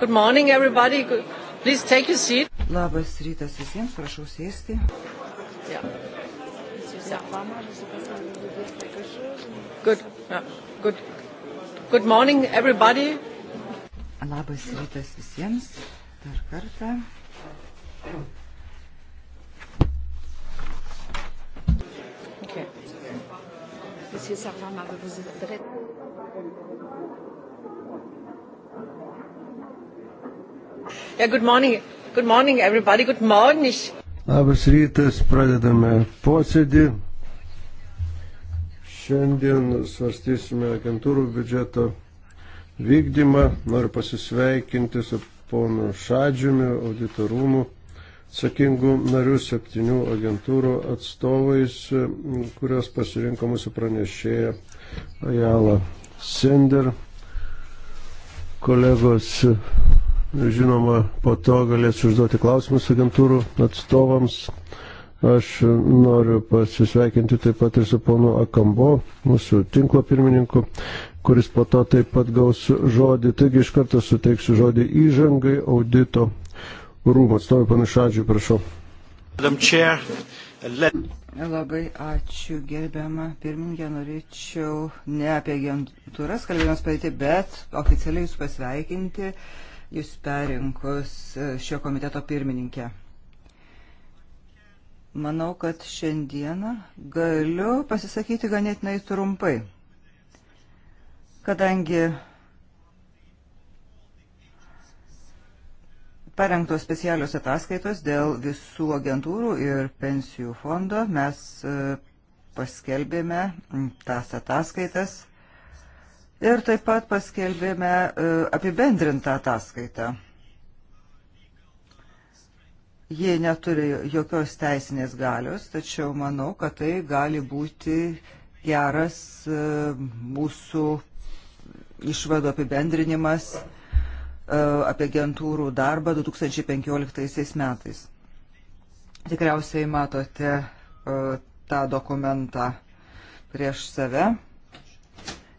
Good morning, everybody. Please take a seat. Labas rytas visiems, prašau sėsti. Yeah. Yeah. Good. Yeah. Good. Good morning, everybody. Labas rytas visiems. Dar kartą. Okay. Monsieur Sarvama, vous êtes Yeah, good morning. Good morning, everybody. Good morning. Labas rytas, pradedame posėdį. Šiandien svarstysime agentūrų biudžeto vykdymą. Noriu pasisveikinti su ponu Šadžiumi, auditorumų atsakingų narių septynių agentūrų atstovais, kurios pasirinko mūsų pranešėja Ajala Sender, kolegos Žinoma, po to galėsiu užduoti klausimus agentūrų atstovams. Aš noriu pasisveikinti taip pat ir su ponu Akambo, mūsų tinklo pirmininku, kuris po to taip pat gaus žodį. Taigi iš karto suteiksiu žodį įžangai audito rūmų atstovui panašadžiui, prašau. Labai ačiū gerbiamą pirmininkė, norėčiau ne apie agentūras kalbėjimas padėti, bet oficialiai jūs pasveikinti. Uh, jūs perinkus e, šio komiteto pirmininkę. Manau, kad šiandieną galiu pasisakyti ganėtinai trumpai, kadangi parengtos specialios ataskaitos dėl visų agentūrų ir pensijų fondo. Mes e, paskelbėme tas ataskaitas Ir taip pat paskelbėme e, apibendrintą ataskaitą. Jie neturi jokios teisinės galios, tačiau manau, kad tai gali būti geras e, mūsų išvado apibendrinimas e, apie agentūrų darbą 2015 metais. Tikriausiai matote tą dokumentą prieš save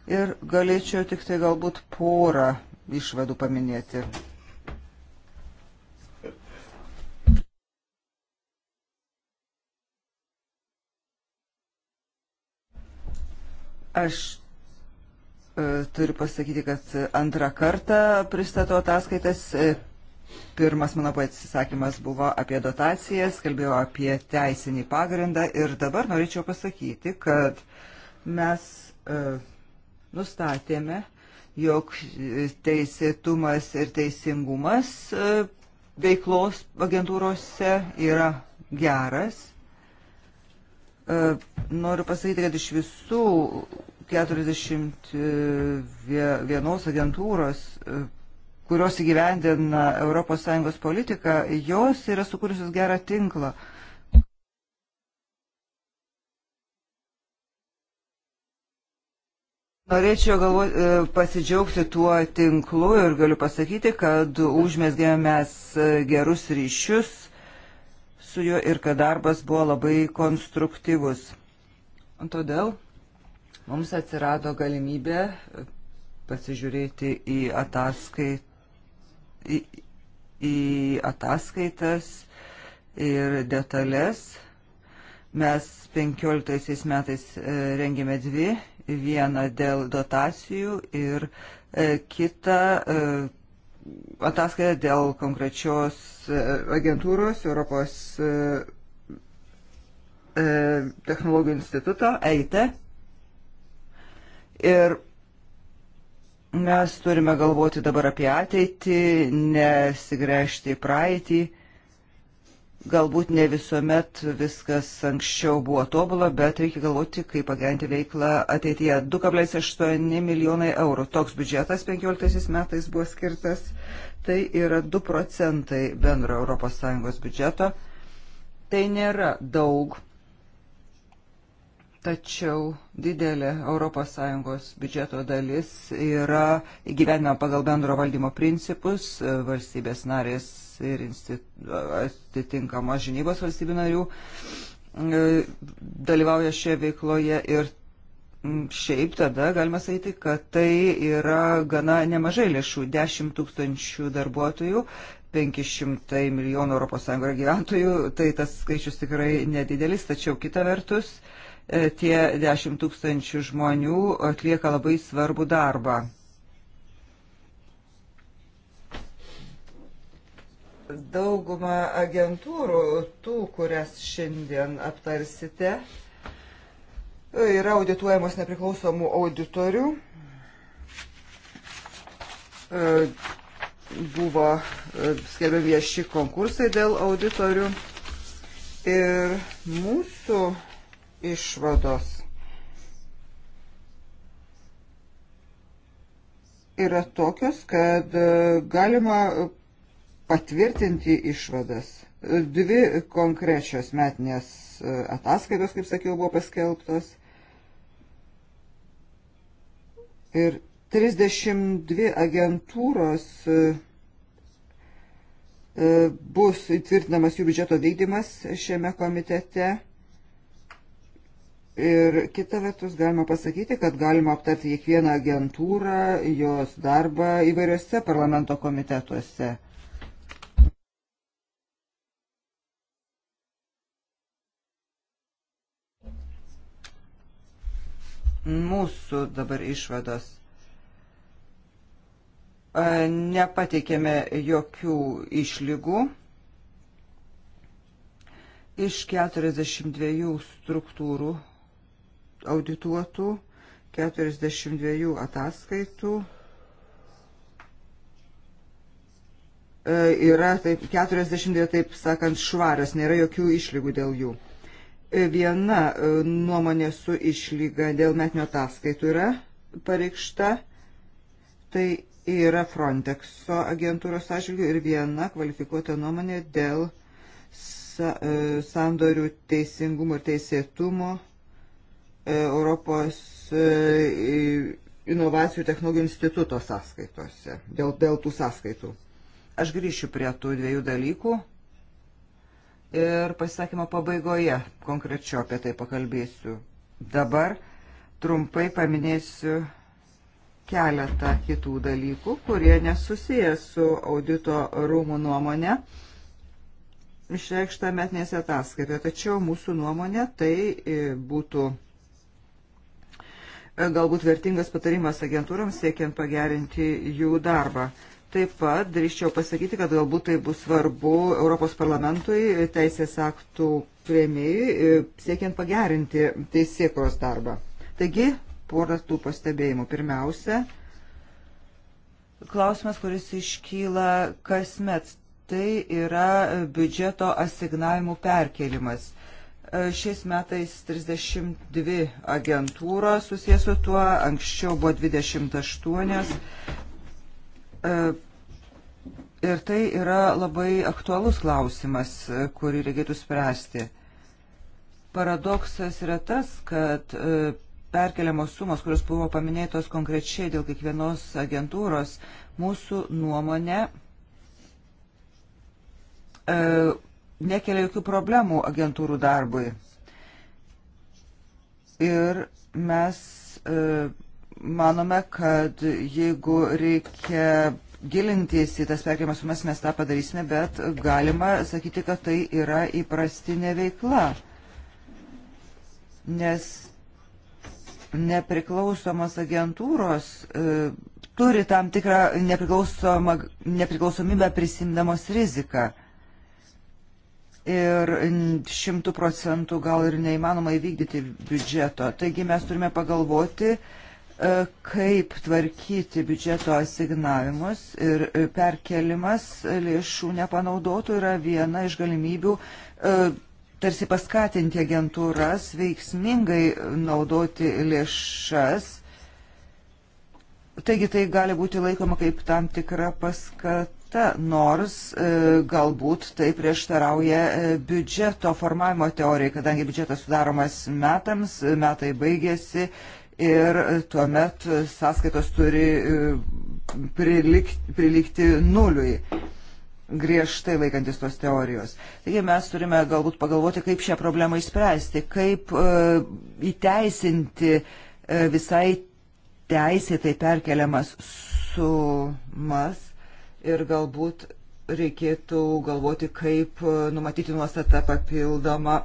ir galėčiau tik tai galbūt porą išvadų paminėti. Aš e, turiu pasakyti, kad antrą kartą pristatau ataskaitas. E, pirmas mano pasisakymas buvo apie dotacijas, kalbėjau apie teisinį pagrindą ir dabar norėčiau pasakyti, kad mes e, nustatėme, jog teisėtumas ir teisingumas e, veiklos agentūrose yra geras. E, noriu pasakyti, kad iš visų 41 agentūros, e, kurios įgyvendina ES politiką, jos yra sukūrusios gerą tinklą Norėčiau galvoti, e, pasidžiaugti tuo tinklu ir galiu pasakyti, kad užmesgėme mes e, gerus ryšius su juo ir kad darbas buvo labai konstruktyvus. Todėl mums atsirado galimybė e, pasižiūrėti į, ataskait, į, į ataskaitas ir detalės. Mes 15 metais rengėme dvi vieną dėl dotacijų ir e, kitą e, ataskaitą dėl konkrečios e, agentūros Europos technologijų instituto EIT. Ir mes turime galvoti dabar apie ateitį, nesigręžti į praeitį. Galbūt ne visuomet viskas anksčiau buvo tobula, bet reikia galvoti, kaip pagerinti veiklą ateityje. 2,8 milijonai eurų. Toks biudžetas 15 metais buvo skirtas. Tai yra 2 procentai bendro ES biudžeto. Tai nėra daug, tačiau didelė ES biudžeto dalis yra gyvenima pagal bendro valdymo principus. Valstybės narės ir atitinkamos žinybos valstybių narių e, dalyvauja šioje veikloje ir šiaip tada galima sakyti, kad tai yra gana nemažai lėšų - 10 tūkstančių darbuotojų, 500 milijonų ES gyventojų, tai tas skaičius tikrai nedidelis, tačiau kita vertus e, tie 10 tūkstančių žmonių atlieka labai svarbų darbą. Dauguma agentūrų, tų, kurias šiandien aptarsite, yra audituojamos nepriklausomų auditorių. E, buvo e, skelbiami vieši konkursai dėl auditorių. Ir mūsų išvados yra tokios, kad e, galima patvirtinti išvadas. Dvi konkrečios metinės e, ataskaitos, kaip sakiau, buvo paskelbtos. Ir 32 agentūros e, e, bus įtvirtinamas jų biudžeto vykdymas šiame komitete. Ir kita vertus galima pasakyti, kad galima aptarti kiekvieną agentūrą, jos darbą įvairiose parlamento komitetuose. mūsų dabar išvados. Nepateikėme jokių išlygų. Iš 42 struktūrų audituotų, 42 ataskaitų e, yra taip, 42, taip sakant, švarios, nėra jokių išlygų dėl jų. Viena e, nuomonė su išlyga dėl metinio ataskaitų yra pareikšta, tai yra Frontexo agentūros atžvilgių ir viena kvalifikuota nuomonė dėl e, sandorių teisingumo ir teisėtumo e, Europos inovacijų technologijų instituto sąskaitose, dėl, dėl tų sąskaitų. Aš grįšiu prie tų dviejų dalykų ir pasisakymo pabaigoje konkrečiau apie tai pakalbėsiu. Dabar trumpai paminėsiu keletą kitų dalykų, kurie nesusiję su audito rūmų nuomonė išreikšta metinėse ataskaitoje. Tačiau mūsų nuomonė tai e, būtų e, galbūt vertingas patarimas agentūrams siekiant pagerinti jų darbą. Taip pat drįščiau pasakyti, kad galbūt tai bus svarbu Europos parlamentui, teisės aktų prieimėjai, e, siekiant pagerinti teisėkros darbą. Taigi, porą tų pastebėjimų. Pirmiausia, klausimas, kuris iškyla kasmet, tai yra biudžeto asignavimų perkelimas. E, šiais metais 32 agentūros susijęs su tuo, anksčiau buvo 28. E, ir tai yra labai aktualus klausimas, e, kurį reikėtų spręsti. Paradoksas yra tas, kad e, perkeliamos sumos, kurios buvo paminėtos konkrečiai dėl kiekvienos agentūros, mūsų nuomonė e, nekelia jokių problemų agentūrų darbui. Ir mes e, manome, kad jeigu reikia gilintis į tas perkeliamas sumas, mes tą padarysime, bet galima sakyti, kad tai yra įprastinė veikla. Nes nepriklausomos agentūros e, turi tam tikrą nepriklausomybę prisimdamos riziką. Ir šimtų procentų gal ir neįmanoma įvykdyti biudžeto. Taigi mes turime pagalvoti, e, E, kaip tvarkyti biudžeto asignavimus ir e, perkelimas lėšų nepanaudotų yra viena iš galimybių e, tarsi paskatinti agentūras veiksmingai naudoti lėšas. Taigi tai gali būti laikoma kaip tam tikra paskata, nors galbūt tai prieštarauja biudžeto formavimo teorijai, kadangi biudžetas sudaromas metams, metai baigėsi ir tuomet sąskaitos turi e, prilikti, prilikti nuliui griežtai laikantis tos teorijos. Taigi mes turime galbūt pagalvoti, kaip šią problemą išspręsti, kaip uh, įteisinti uh, visai teisėtai perkeliamas sumas ir galbūt reikėtų galvoti, kaip numatyti nuostatą papildomą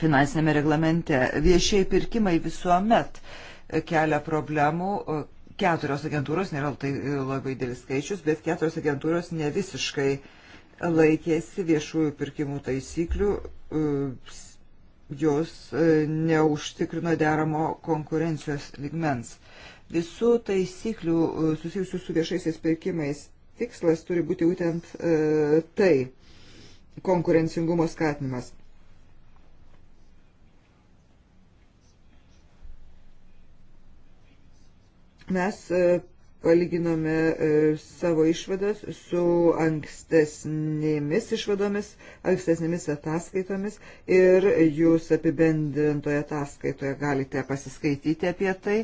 finansinėme reglamente. Viešiai pirkimai visuomet kelia problemų. Keturios agentūros, nėra tai labai dėlis skaičius, bet keturios agentūros ne visiškai laikėsi viešųjų pirkimų taisyklių, jos neužtikrino deramo konkurencijos ligmens. Visų taisyklių susijusių su viešaisiais pirkimais tikslas turi būti būtent e, tai - konkurencingumo skatinimas. Mes e, palyginome e, savo išvadas su ankstesnėmis išvadomis, ankstesnėmis ataskaitomis ir jūs apibendrintoje ataskaitoje galite pasiskaityti apie tai.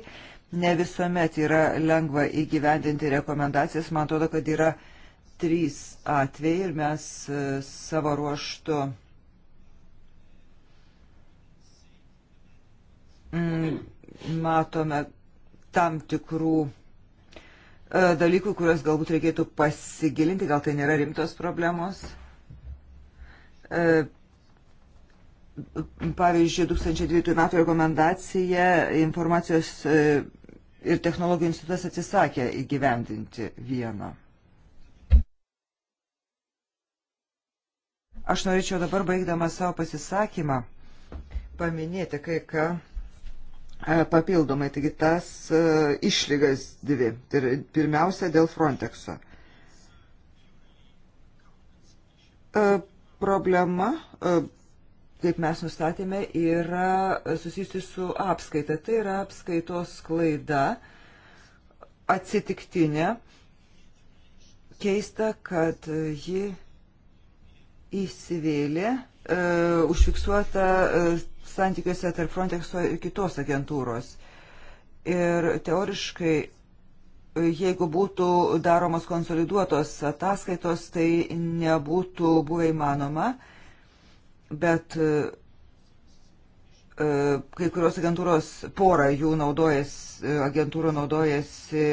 Ne visuomet yra lengva įgyvendinti rekomendacijas. Man atrodo, kad yra trys atvejai ir mes e, savo ruoštų mm, matome tam tikrų e, dalykų, kuriuos galbūt reikėtų pasigilinti, gal tai nėra rimtos problemos. E, pavyzdžiui, 2002 metų rekomendacija informacijos e, ir technologijų institutas atsisakė įgyvendinti vieną. Aš norėčiau dabar, baigdama savo pasisakymą, paminėti kai ką E, papildomai, taigi tas e, išlygas dvi. Tai pirmiausia, dėl Frontexo. E, problema, kaip mes nustatėme, yra susijusi su apskaita. Tai yra apskaitos klaida atsitiktinė. Keista, kad ji įsivėlė, užfiksuota santykiuose tarp Frontexo ir kitos agentūros. Ir teoriškai, jeigu būtų daromos konsoliduotos ataskaitos, tai nebūtų buvę įmanoma, bet e, e, kai kurios agentūros, pora jų naudojas, e, agentūrų naudojasi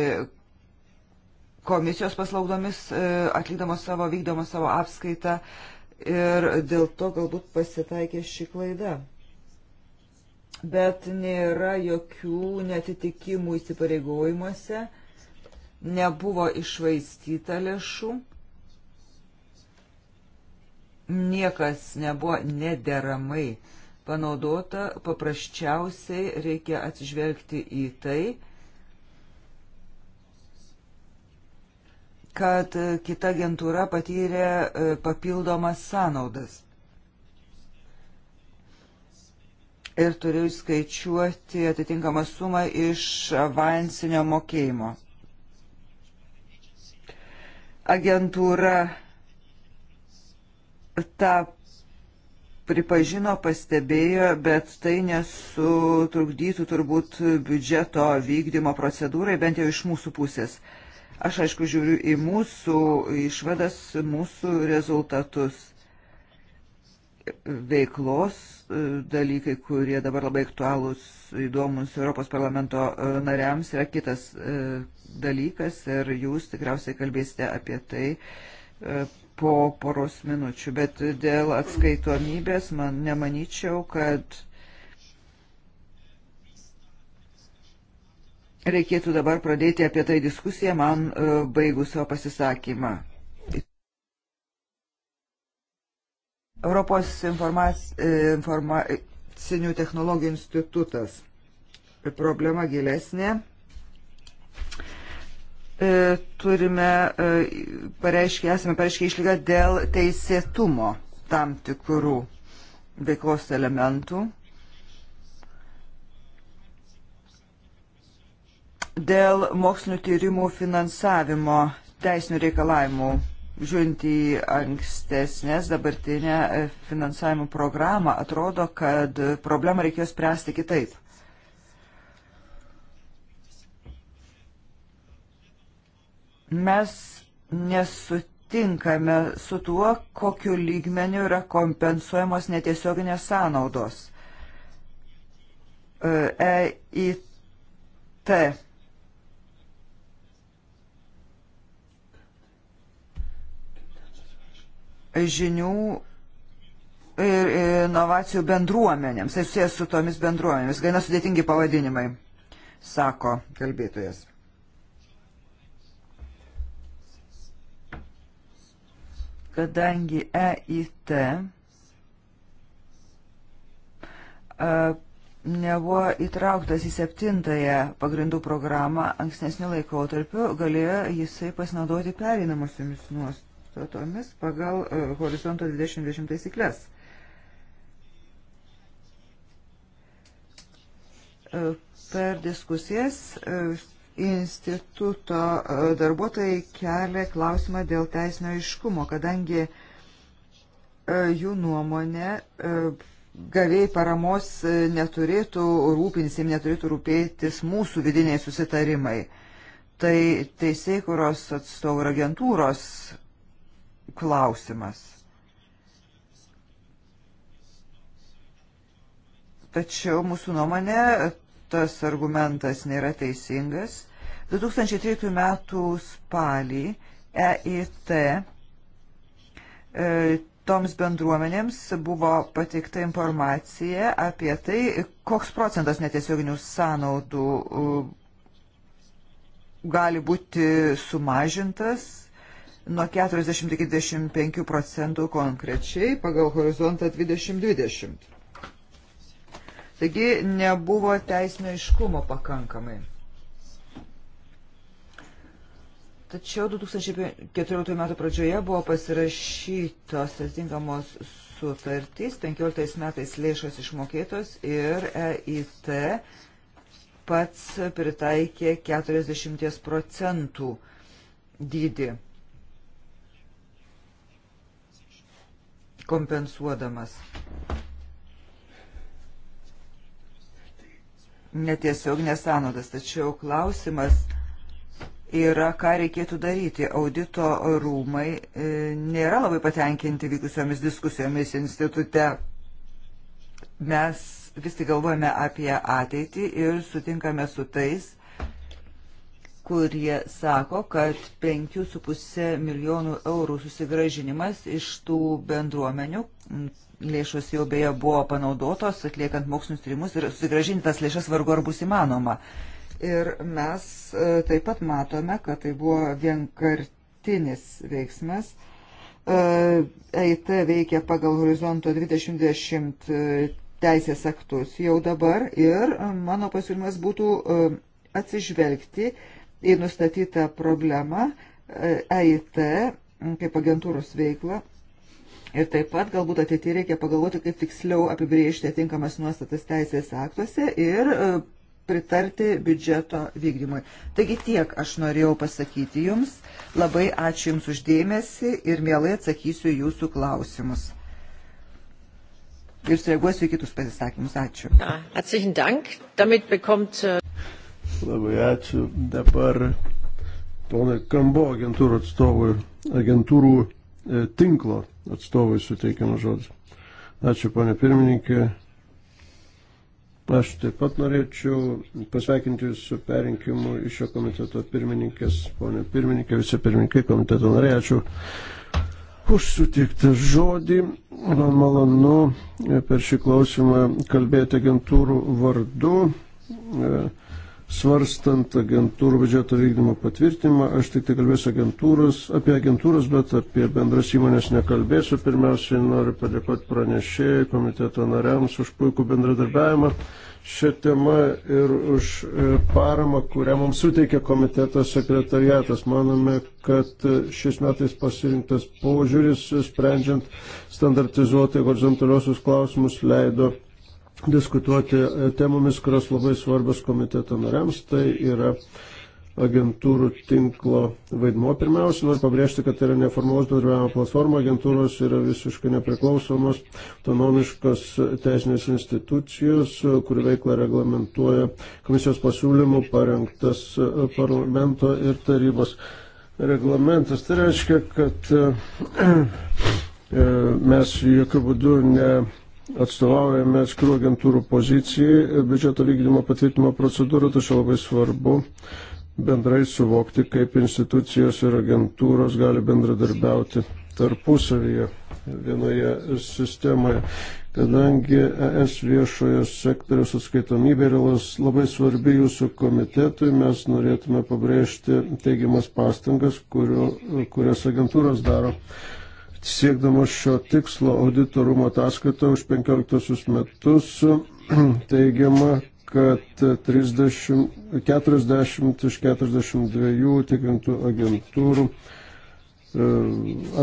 komisijos paslaugomis, atlikdamos savo, vykdomos savo apskaitą ir dėl to galbūt pasitaikė ši klaida bet nėra jokių netitikimų įsipareigojimuose, nebuvo išvaistyta lėšų, niekas nebuvo nederamai panaudota, paprasčiausiai reikia atsižvelgti į tai, kad kita agentūra patyrė e, papildomas sąnaudas. ir turiu skaičiuoti atitinkamą sumą iš avansinio mokėjimo. Agentūra tą pripažino, pastebėjo, bet tai nesutrukdytų turbūt biudžeto vykdymo procedūrai, bent jau iš mūsų pusės. Aš aišku žiūriu į mūsų išvadas, mūsų rezultatus veiklos e, dalykai, kurie dabar labai aktualūs, įdomus Europos parlamento e, nariams, yra kitas e, dalykas ir jūs tikriausiai kalbėsite apie tai po poros minučių. Bet dėl atskaitomybės man nemanyčiau, kad reikėtų dabar pradėti apie tai diskusiją man baigus savo pasisakymą. Europos informac... E, informacinių technologijų institutas. Problema gilesnė. E, turime, e, pareiškia, esame pareiškia išlygą dėl teisėtumo tam tikrų veiklos elementų. Dėl mokslinių tyrimų finansavimo teisinių reikalavimų žiūrint į ankstesnės dabartinę e, finansavimo programą, atrodo, kad problemą reikėjo spręsti kitaip. Mes nesutinkame su tuo, kokiu lygmeniu yra kompensuojamos netiesioginės sąnaudos. EIT e žinių ir inovacijų bendruomenėms. Tai susijęs su tomis bendruomenėmis. Gaina sudėtingi pavadinimai, sako kalbėtojas. Kadangi EIT nebuvo įtrauktas į septintąją pagrindų programą ankstesnių laikotarpių, galėjo jisai pasinaudoti perinamosiomis nuostomis nuostatomis pagal e, horizonto 2020 taisyklės. E, per diskusijas e, instituto darbuotojai kelia klausimą dėl teisinio iškumo, kadangi jų nuomonė gavėjai paramos neturėtų rūpinsim, neturėtų rūpėtis mūsų vidiniai susitarimai. Tai teisėkuros atstovų ir agentūros klausimas. Tačiau mūsų nuomonė tas argumentas nėra teisingas. 2003 metų spalį EIT e, toms bendruomenėms buvo pateikta informacija apie tai, koks procentas netiesioginių sąnaudų gali būti sumažintas nuo 40 iki 25 procentų konkrečiai pagal horizontą 2020. Taigi nebuvo teisinio iškumo pakankamai. Tačiau 2014 metų pradžioje buvo pasirašytos atitinkamos sutartys, 15 metais lėšos išmokėtos ir EIT pats pritaikė 40 procentų dydį kompensuodamas. Netiesiog nesanodas, tačiau klausimas yra, ką reikėtų daryti. Audito rūmai e, nėra labai patenkinti vykusiomis diskusijomis institute. Mes vis tik galvojame apie ateitį ir sutinkame su tais, kurie sako, kad 5,5 milijonų eurų susigražinimas iš tų bendruomenių, lėšos jau beje buvo panaudotos atliekant mokslinius tyrimus ir susigražinti tas lėšas vargu ar bus įmanoma. Ir mes e, taip pat matome, kad tai buvo vienkartinis veiksmas. EIT e veikia pagal horizonto 2020 e, teisės aktus jau dabar ir mano pasiūlymas būtų atsižvelgti uh, į nustatytą problemą EIT e kaip agentūros veiklą. Ir taip pat galbūt ateityje reikia pagalvoti, kaip tiksliau apibriežti atinkamas nuostatas teisės aktuose ir e, pritarti biudžeto vykdymui. Taigi tiek aš norėjau pasakyti Jums. Labai ačiū Jums uždėmesi ir mielai atsakysiu Jūsų klausimus. Ir sureaguosiu į kitus pasisakymus. Ačiū. Herzlichen Dank. Damit bekommt äh, Labai ačiū. Dabar ponai Kambo agentūrų atstovui, agentūrų e, tinklo atstovui suteikiamas žodis. Ačiū, ponė pirmininkė. Aš taip pat norėčiau pasveikinti Jūs su perinkimu iš šio komiteto pirmininkės, ponė pirmininkė, visi pirmininkai komiteto nariai. Ačiū už sutiktą žodį. Man malonu e, per šį klausimą kalbėti agentūrų vardu. E, svarstant agentūrų biudžeto vykdymo patvirtinimą. Aš tik tai kalbėsiu agentūros, apie agentūros, bet apie bendras įmonės nekalbėsiu. Pirmiausiai noriu padėkoti pranešėjai, komiteto nariams už puikų bendradarbiavimą šią temą ir už e, paramą, kurią mums suteikė komiteto sekretariatas. Manome, kad šiais metais pasirinktas požiūris, sprendžiant standartizuotai horizontaliosius klausimus, leido diskutuoti temomis, kurios labai svarbios komiteto nariams. Tai yra agentūrų tinklo vaidmo. Pirmiausia, noriu pabrėžti, kad tai yra neformalus bendravimo platforma, agentūros yra visiškai nepriklausomos, autonomiškos teisinės institucijos, kurių veiklą reglamentuoja komisijos pasiūlymų parengtas parlamento ir tarybos reglamentas. Tai reiškia, kad e, mes jokių būdų ne atstovaujame atskirų agentūrų pozicijai biudžeto vykdymo patvirtimo procedūrą, tačiau labai svarbu bendrai suvokti, kaip institucijos ir agentūros gali bendradarbiauti tarpusavyje vienoje sistemoje. Kadangi ES viešojo sektoriaus atskaitomybė yra labai svarbi jūsų komitetui, mes norėtume pabrėžti teigiamas pastangas, kuriu, kurias agentūros daro Siekdamas šio tikslo auditorumo ataskaita už 15 metus teigiama, kad 30, 40 iš 42 tikrintų agentūrų e,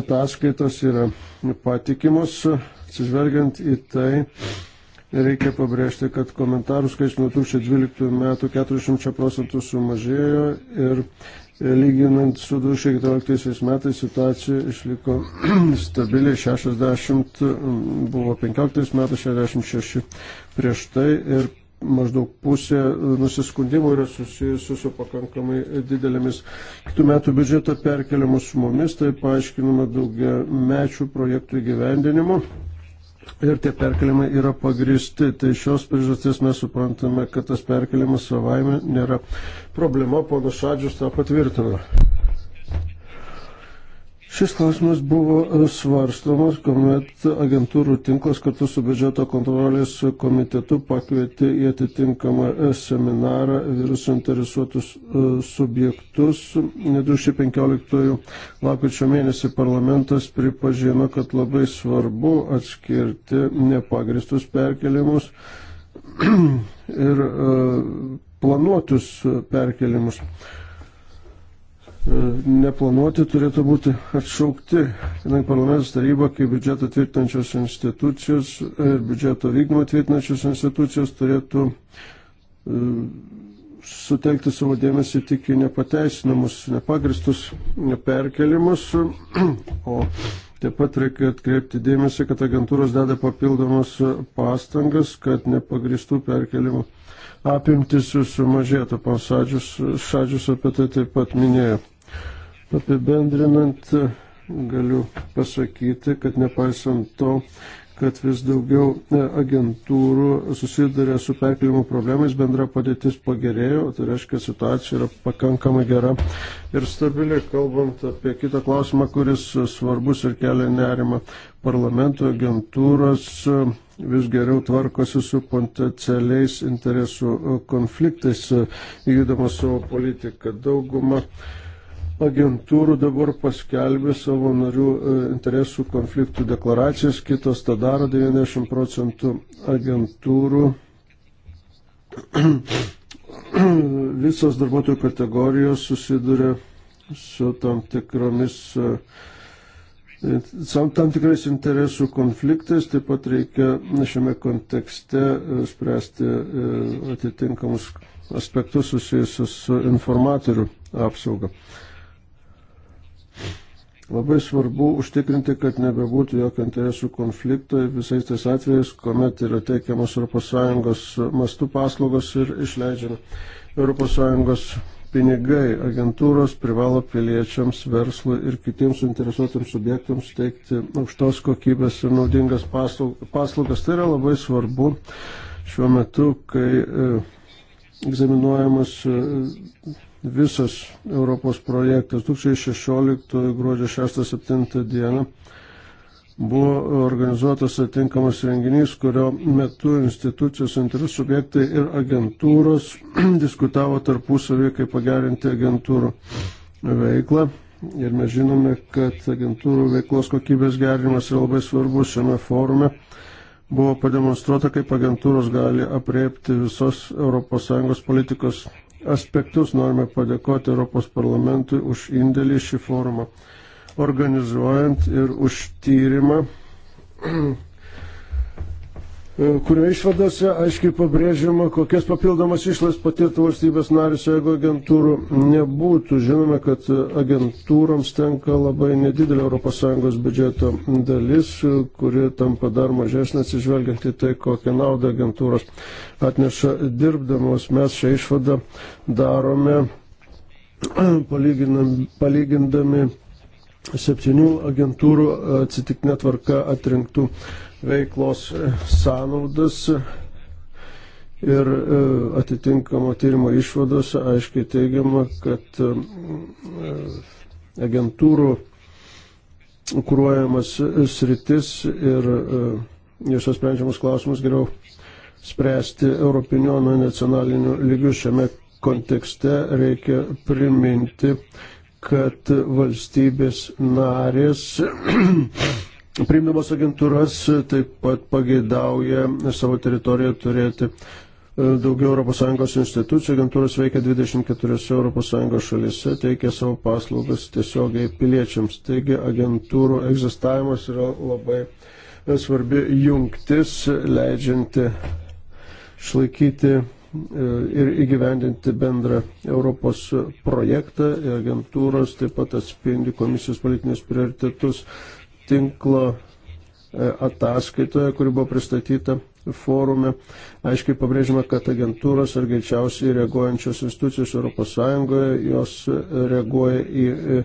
ataskaitos yra patikimos. Atsižvelgiant į tai, reikia pabrėžti, kad komentarų skaičius nuo 2012 metų 400 procentų sumažėjo ir lyginant su 2014 metais situacija išliko stabiliai 60, buvo 15 metais 66 prieš tai ir maždaug pusė nusiskundimų yra susijusi su pakankamai didelėmis kitų metų biudžeto perkeliamus sumomis, tai paaiškinama daugia mečių projektų įgyvendinimu ir tie perkelimai yra pagristi. Tai šios priežasties mes suprantame, kad tas perkelimas savaime nėra problema, ponas Šadžius tą patvirtino. Šis klausimas buvo svarstamas, kuomet agentūrų tinklas kartu su biudžeto kontrolės komitetu pakvietė į atitinkamą seminarą virusų interesuotus e, subjektus. 2015 lapkričio mėnesį parlamentas pripažino, kad labai svarbu atskirti nepagristus perkelimus ir e, planuotus perkelimus. E, neplanuoti turėtų būti atšaukti, kadangi parlamentas taryba kaip biudžeto tvirtinančios institucijos ir biudžeto vykdymo tvirtinančios institucijos turėtų e, sutelkti savo dėmesį tik į nepateisinamus, nepagristus perkelimus, o taip pat reikia atkreipti dėmesį, kad agentūros deda papildomas pastangas, kad nepagristų perkelimų apimtis sumažėtų. Pansadžius apie tai taip pat minėjo. Apibendrinant, galiu pasakyti, kad nepaisant to, kad vis daugiau e, agentūrų susiduria su perkelimo problemais, bendra padėtis pagerėjo, tai reiškia situacija yra pakankamai gera ir stabili, kalbant apie kitą klausimą, kuris svarbus ir kelia nerimą. Parlamento agentūros e, vis geriau tvarkosi su potencialiais interesų e, konfliktais, įjudama savo politiką. Dauguma agentūrų dabar paskelbė savo narių e, interesų konfliktų deklaracijas, kitos tą daro 90 procentų agentūrų. Visos darbuotojų kategorijos susiduria su tam tikromis e, tam tikrais interesų konfliktais, taip pat reikia šiame kontekste e, spręsti atitinkamus aspektus susijusius su informatorių apsauga. Labai svarbu užtikrinti, kad nebebūtų jokio interesų konflikto visais tais atvejais, kuomet yra teikiamas ES mastų paslaugos ir išleidžiami ES pinigai. Agentūros privalo piliečiams, verslui ir kitiems interesuotams subjektams teikti aukštos kokybės ir naudingas paslaugas. Tai yra labai svarbu šiuo metu, kai e, egzaminuojamas. E, visas Europos projektas 2016 gruodžio 6-7 dieną buvo organizuotas atinkamas renginys, kurio metu institucijos, interesų subjektai ir agentūros diskutavo tarpusavį, kaip pagerinti agentūrų veiklą. Ir mes žinome, kad agentūrų veiklos kokybės gerinimas yra labai svarbus šiame forume. Buvo pademonstruota, kaip agentūros gali apriepti visos ES politikos aspektus. Norime padėkoti Europos parlamentui už indėlį šį forumą organizuojant ir už tyrimą E, kurio išvadose aiškiai pabrėžiama, kokias papildomas išlaidas patirtų valstybės narys, jeigu agentūrų nebūtų. Žinome, kad agentūroms tenka labai nedidelė ES biudžeto dalis, kuri tampa dar mažesnė atsižvelgiant į tai, kokią naudą agentūros atneša dirbdamos. Mes šią išvadą darome palygindami septynių agentūrų atsitikne tvarka atrinktų veiklos sąnaudas ir e, atitinkamo tyrimo išvados aiškiai teigiama, kad e, agentūrų kūruojamas sritis ir visos e, sprendžiamus klausimus geriau spręsti europinio, nuo nacionalinių lygių šiame kontekste reikia priminti, kad valstybės narės priimdamas agentūras e, taip pat pageidauja savo teritoriją turėti e, daugiau ES institucijų. Agentūros veikia 24 ES šalise, teikia savo paslaugas tiesiogiai piliečiams. Taigi agentūrų egzistavimas yra labai e, svarbi jungtis, leidžianti išlaikyti ir įgyvendinti bendrą Europos projektą. Agentūros taip pat atspindi komisijos politinius prioritetus tinklo e, ataskaitoje, kuri buvo pristatyta forume, aiškiai pabrėžima, kad agentūros ar greičiausiai reaguojančios institucijos ES, jos reaguoja į e,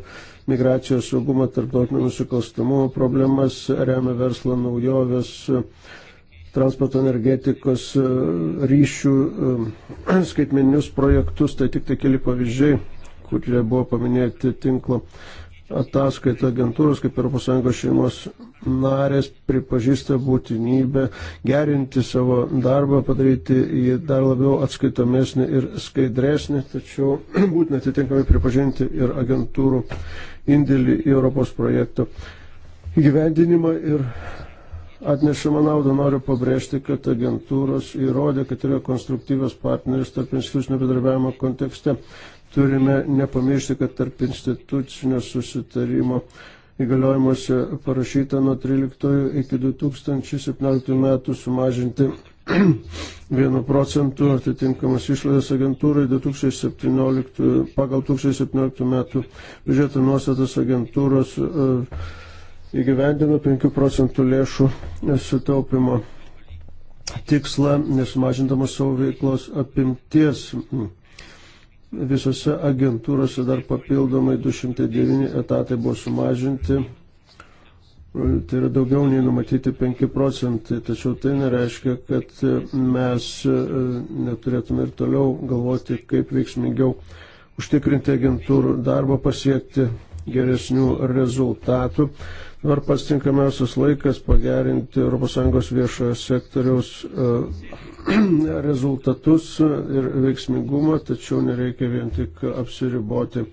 migracijos saugumą, tarptautinio nusikalstamumo problemas, remia verslą naujoves, transporto energetikos e, ryšių, skaitmeninius projektus, tai tik tai keli pavyzdžiai, kurie buvo paminėti tinklo ataskaita agentūros kaip ES šeimos narės pripažįsta būtinybę gerinti savo darbą, padaryti jį dar labiau atskaitomesnį ir skaidresnį, tačiau būtina atitinkamai pripažinti ir agentūrų indėlį į Europos projekto įgyvendinimą ir atnešama naudą noriu pabrėžti, kad agentūros įrodė, kad yra konstruktyvios partneris tarp institucinio bedarbiavimo kontekste turime nepamiršti, kad tarp institucinio susitarimo įgaliojimuose parašyta nuo 13 iki 2017 metų sumažinti 1 procentų atitinkamas išlaidas agentūrai 2017, pagal 2017 metų biudžeto nuostatas agentūros e, įgyvendino 5 procentų lėšų sutaupimo tikslą, nesumažindamas savo veiklos apimties visose agentūrose dar papildomai 209 etatai buvo sumažinti. Tai yra daugiau nei numatyti 5 procentai, tačiau tai nereiškia, kad mes e, neturėtume ir toliau galvoti, kaip veiksmingiau užtikrinti agentūrų darbą, pasiekti geresnių rezultatų. Ar pastinkamiausias laikas pagerinti ES viešojo sektoriaus e, rezultatus ir veiksmingumą, tačiau nereikia vien tik apsiriboti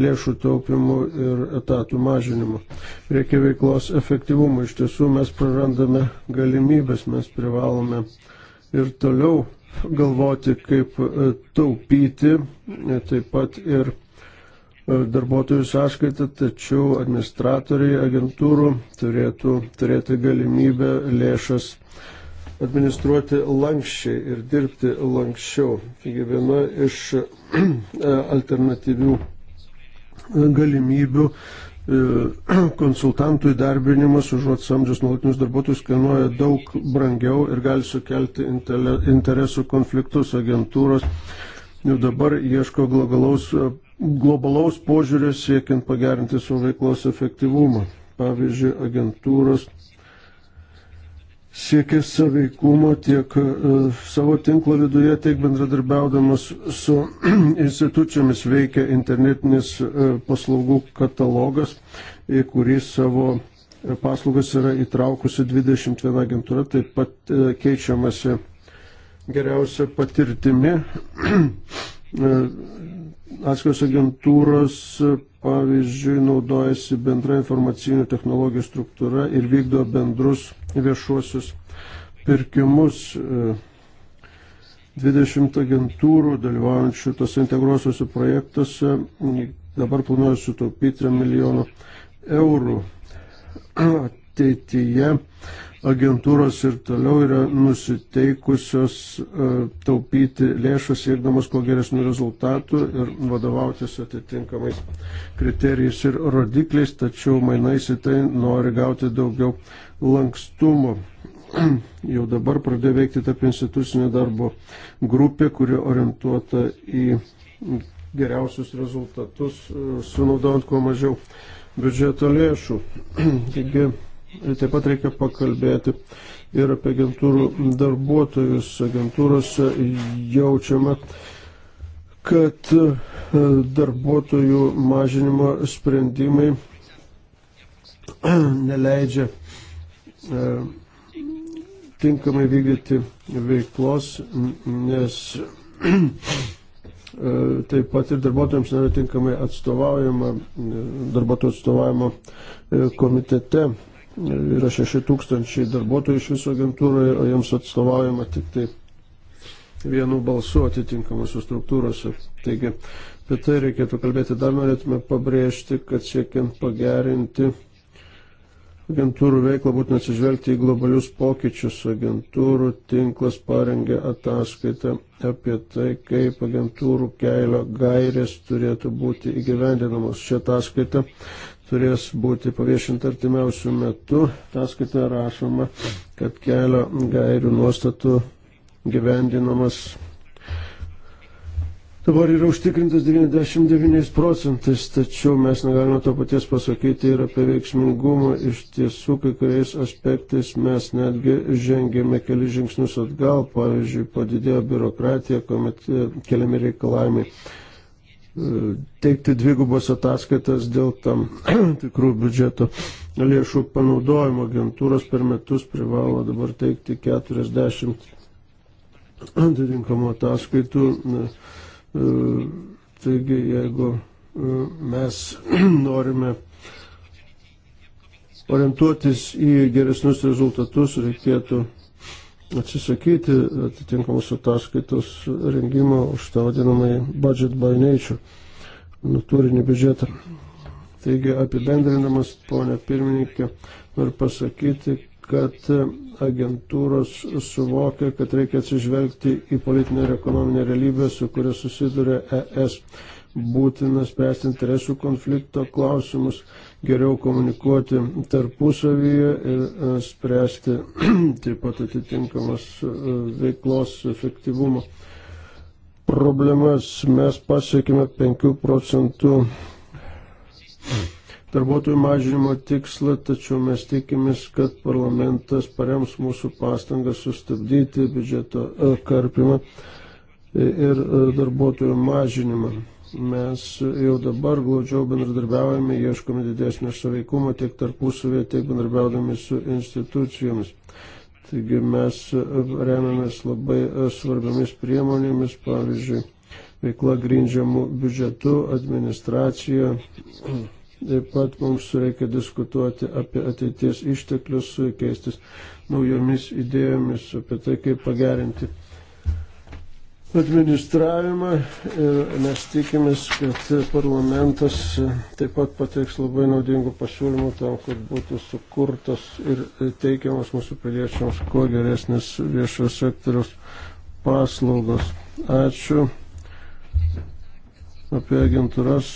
lėšų taupimu ir etatų mažinimu. Reikia veiklos efektyvumo. Iš tiesų mes prarandame galimybės, mes privalome ir toliau galvoti, kaip e, taupyti, e, taip pat ir E, darbuotojų sąskaitą, tačiau administratoriai agentūrų turėtų turėti galimybę lėšas administruoti lankščiai ir dirbti lankščiau. Taigi viena iš e, alternatyvių e, galimybių konsultantų įdarbinimas užuot samdžius nuolatinius darbuotojus kainuoja daug brangiau ir gali sukelti interesų konfliktus agentūros jau dabar ieško globalaus globalaus požiūrio siekiant pagerinti savo veiklos efektyvumą. Pavyzdžiui, agentūros siekia saveikumo tiek e, savo tinklo viduje, tiek bendradarbiaudamas su institucijomis veikia internetinis e, paslaugų katalogas, į kurį savo e, paslaugas yra įtraukusi 21 agentūra, taip pat keičiamasi geriausia patirtimi atskiros agentūros, pavyzdžiui, naudojasi bendra informacinių technologijų struktūra ir vykdo bendrus viešuosius pirkimus. 20 agentūrų dalyvaujančių tose integruosiuose projektuose dabar planuoja sutaupyti milijonų eurų ateityje agentūros ir toliau yra nusiteikusios e, taupyti lėšas, siekdamos kuo geresnių rezultatų ir vadovautis atitinkamais kriterijais ir rodikliais, tačiau mainais į tai nori gauti daugiau lankstumo. Jau dabar pradėjo veikti tarp institucinė darbo grupė, kuri orientuota į geriausius rezultatus, e, sunaudojant kuo mažiau biudžeto lėšų. Taigi, Taip pat reikia pakalbėti ir apie agentūrų darbuotojus. Agentūrose jaučiama, kad e, darbuotojų mažinimo sprendimai e, neleidžia e, tinkamai vykdyti veiklos, nes taip pat ir darbuotojams nėra tinkamai atstovaujama, darbuotojų atstovavimo komitete yra 6 tūkstančiai darbuotojų iš viso agentūroje, o jiems atstovaujama tik tai vienu balsu atitinkamose struktūrose. Taigi, apie tai reikėtų kalbėti. Dar norėtume pabrėžti, kad siekiant pagerinti agentūrų veiklą būtina atsižvelgti į globalius pokyčius. Agentūrų tinklas parengė ataskaitą apie tai, kaip agentūrų kelio gairės turėtų būti įgyvendinamos. Šią ataskaitą turės būti paviešinta artimiausių metų. Taskaitoje rašoma, kad kelio gairių nuostatų gyvendinamas dabar yra užtikrintas 99 procentais, tačiau mes negalime to paties pasakyti ir apie veiksmingumą. Iš tiesų, kai kuriais aspektais mes netgi žengėme keli žingsnius atgal, pavyzdžiui, padidėjo biurokratija, kuomet e, keliami reikalavimai teikti dvigubos ataskaitas dėl tam tikrų biudžeto lėšų panaudojimo. Agentūros per metus privalo dabar teikti 40 atitinkamų ataskaitų. E, taigi, jeigu e, mes norime orientuotis į geresnius rezultatus, reikėtų atsisakyti atitinkamus ataskaitos rengimo už tą vadinamąjį budget by nature, natūrinį nu, biudžetą. Taigi apibendrinamas, ponė pirmininkė, noriu pasakyti, kad agentūros suvokia, kad reikia atsižvelgti į politinę ir ekonominę realybę, su kuria susiduria ES. Būtina spręsti interesų konflikto klausimus geriau komunikuoti tarpusavyje ir e, spręsti taip pat atitinkamas e, veiklos efektyvumo problemas. Mes pasiekime 5 procentų darbuotojų mažinimo tikslą, tačiau mes tikimės, kad parlamentas parems mūsų pastangas sustabdyti biudžeto e, karpimą ir darbuotojų mažinimą. Mes jau dabar glaudžiau bendradarbiaujame, ieškome didesnio saveikumo tiek tarpusavėje, tiek bendradarbiaudami su institucijomis. Taigi mes remiamės labai svarbiamis priemonėmis, pavyzdžiui, veikla grindžiamų biudžetų, administracija. Taip pat mums reikia diskutuoti apie ateities išteklius, keistis naujomis idėjomis, apie tai, kaip pagerinti administravimą ir mes tikimės, kad parlamentas taip pat pateiks labai naudingų pasiūlymų tam, kad būtų sukurtas ir teikiamas mūsų piliečiams kuo geresnis viešojo sektoriaus paslaugos. Ačiū apie agentūras,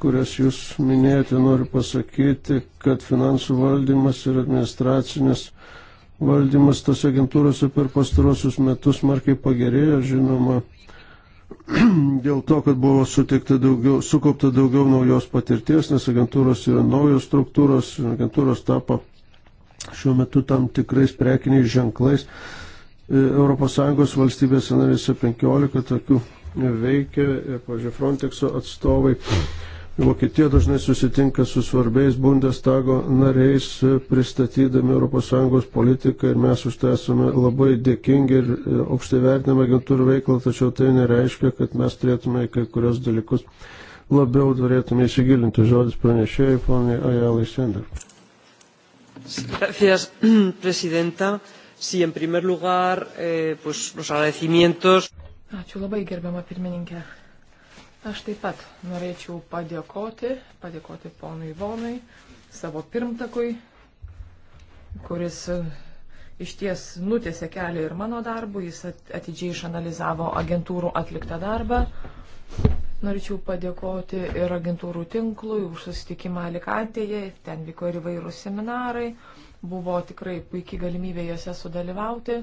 kurias jūs minėjote, noriu pasakyti, kad finansų valdymas ir administracinės valdymas tos agentūros per pastarosius metus markiai pagerėjo, žinoma, dėl to, kad buvo daugiau, sukaupta daugiau naujos patirties, nes agentūros yra naujos struktūros, agentūros tapo šiuo metu tam tikrais prekiniais ženklais. ES valstybės narėse 15 tokių veikia, pažiūrėjau, Frontexo atstovai Vokietija dažnai susitinka su svarbiais Bundestago nariais, e, pristatydami ES politiką ir mes už tai esame labai dėkingi ir e, aukštai vertiname agentūrų veiklą, tačiau tai nereiškia, kad mes turėtume kai kurios dalykus labiau turėtume įsigilinti. Žodis pranešėjai, ponai Ajalai Sender. Gracias, presidenta. Sí, en primer lugar, eh, pues los agradecimientos. Ačiū labai gerbiama pirmininkė. Aš taip pat norėčiau padėkoti, padėkoti ponui Vonui, savo pirmtakui, kuris e, iš ties nutėse kelią ir mano darbų, jis atidžiai išanalizavo agentūrų atliktą darbą. Norėčiau padėkoti ir agentūrų tinklui už susitikimą Alikantėje, ten vyko ir įvairūs seminarai, buvo tikrai puikiai galimybė juose sudalyvauti.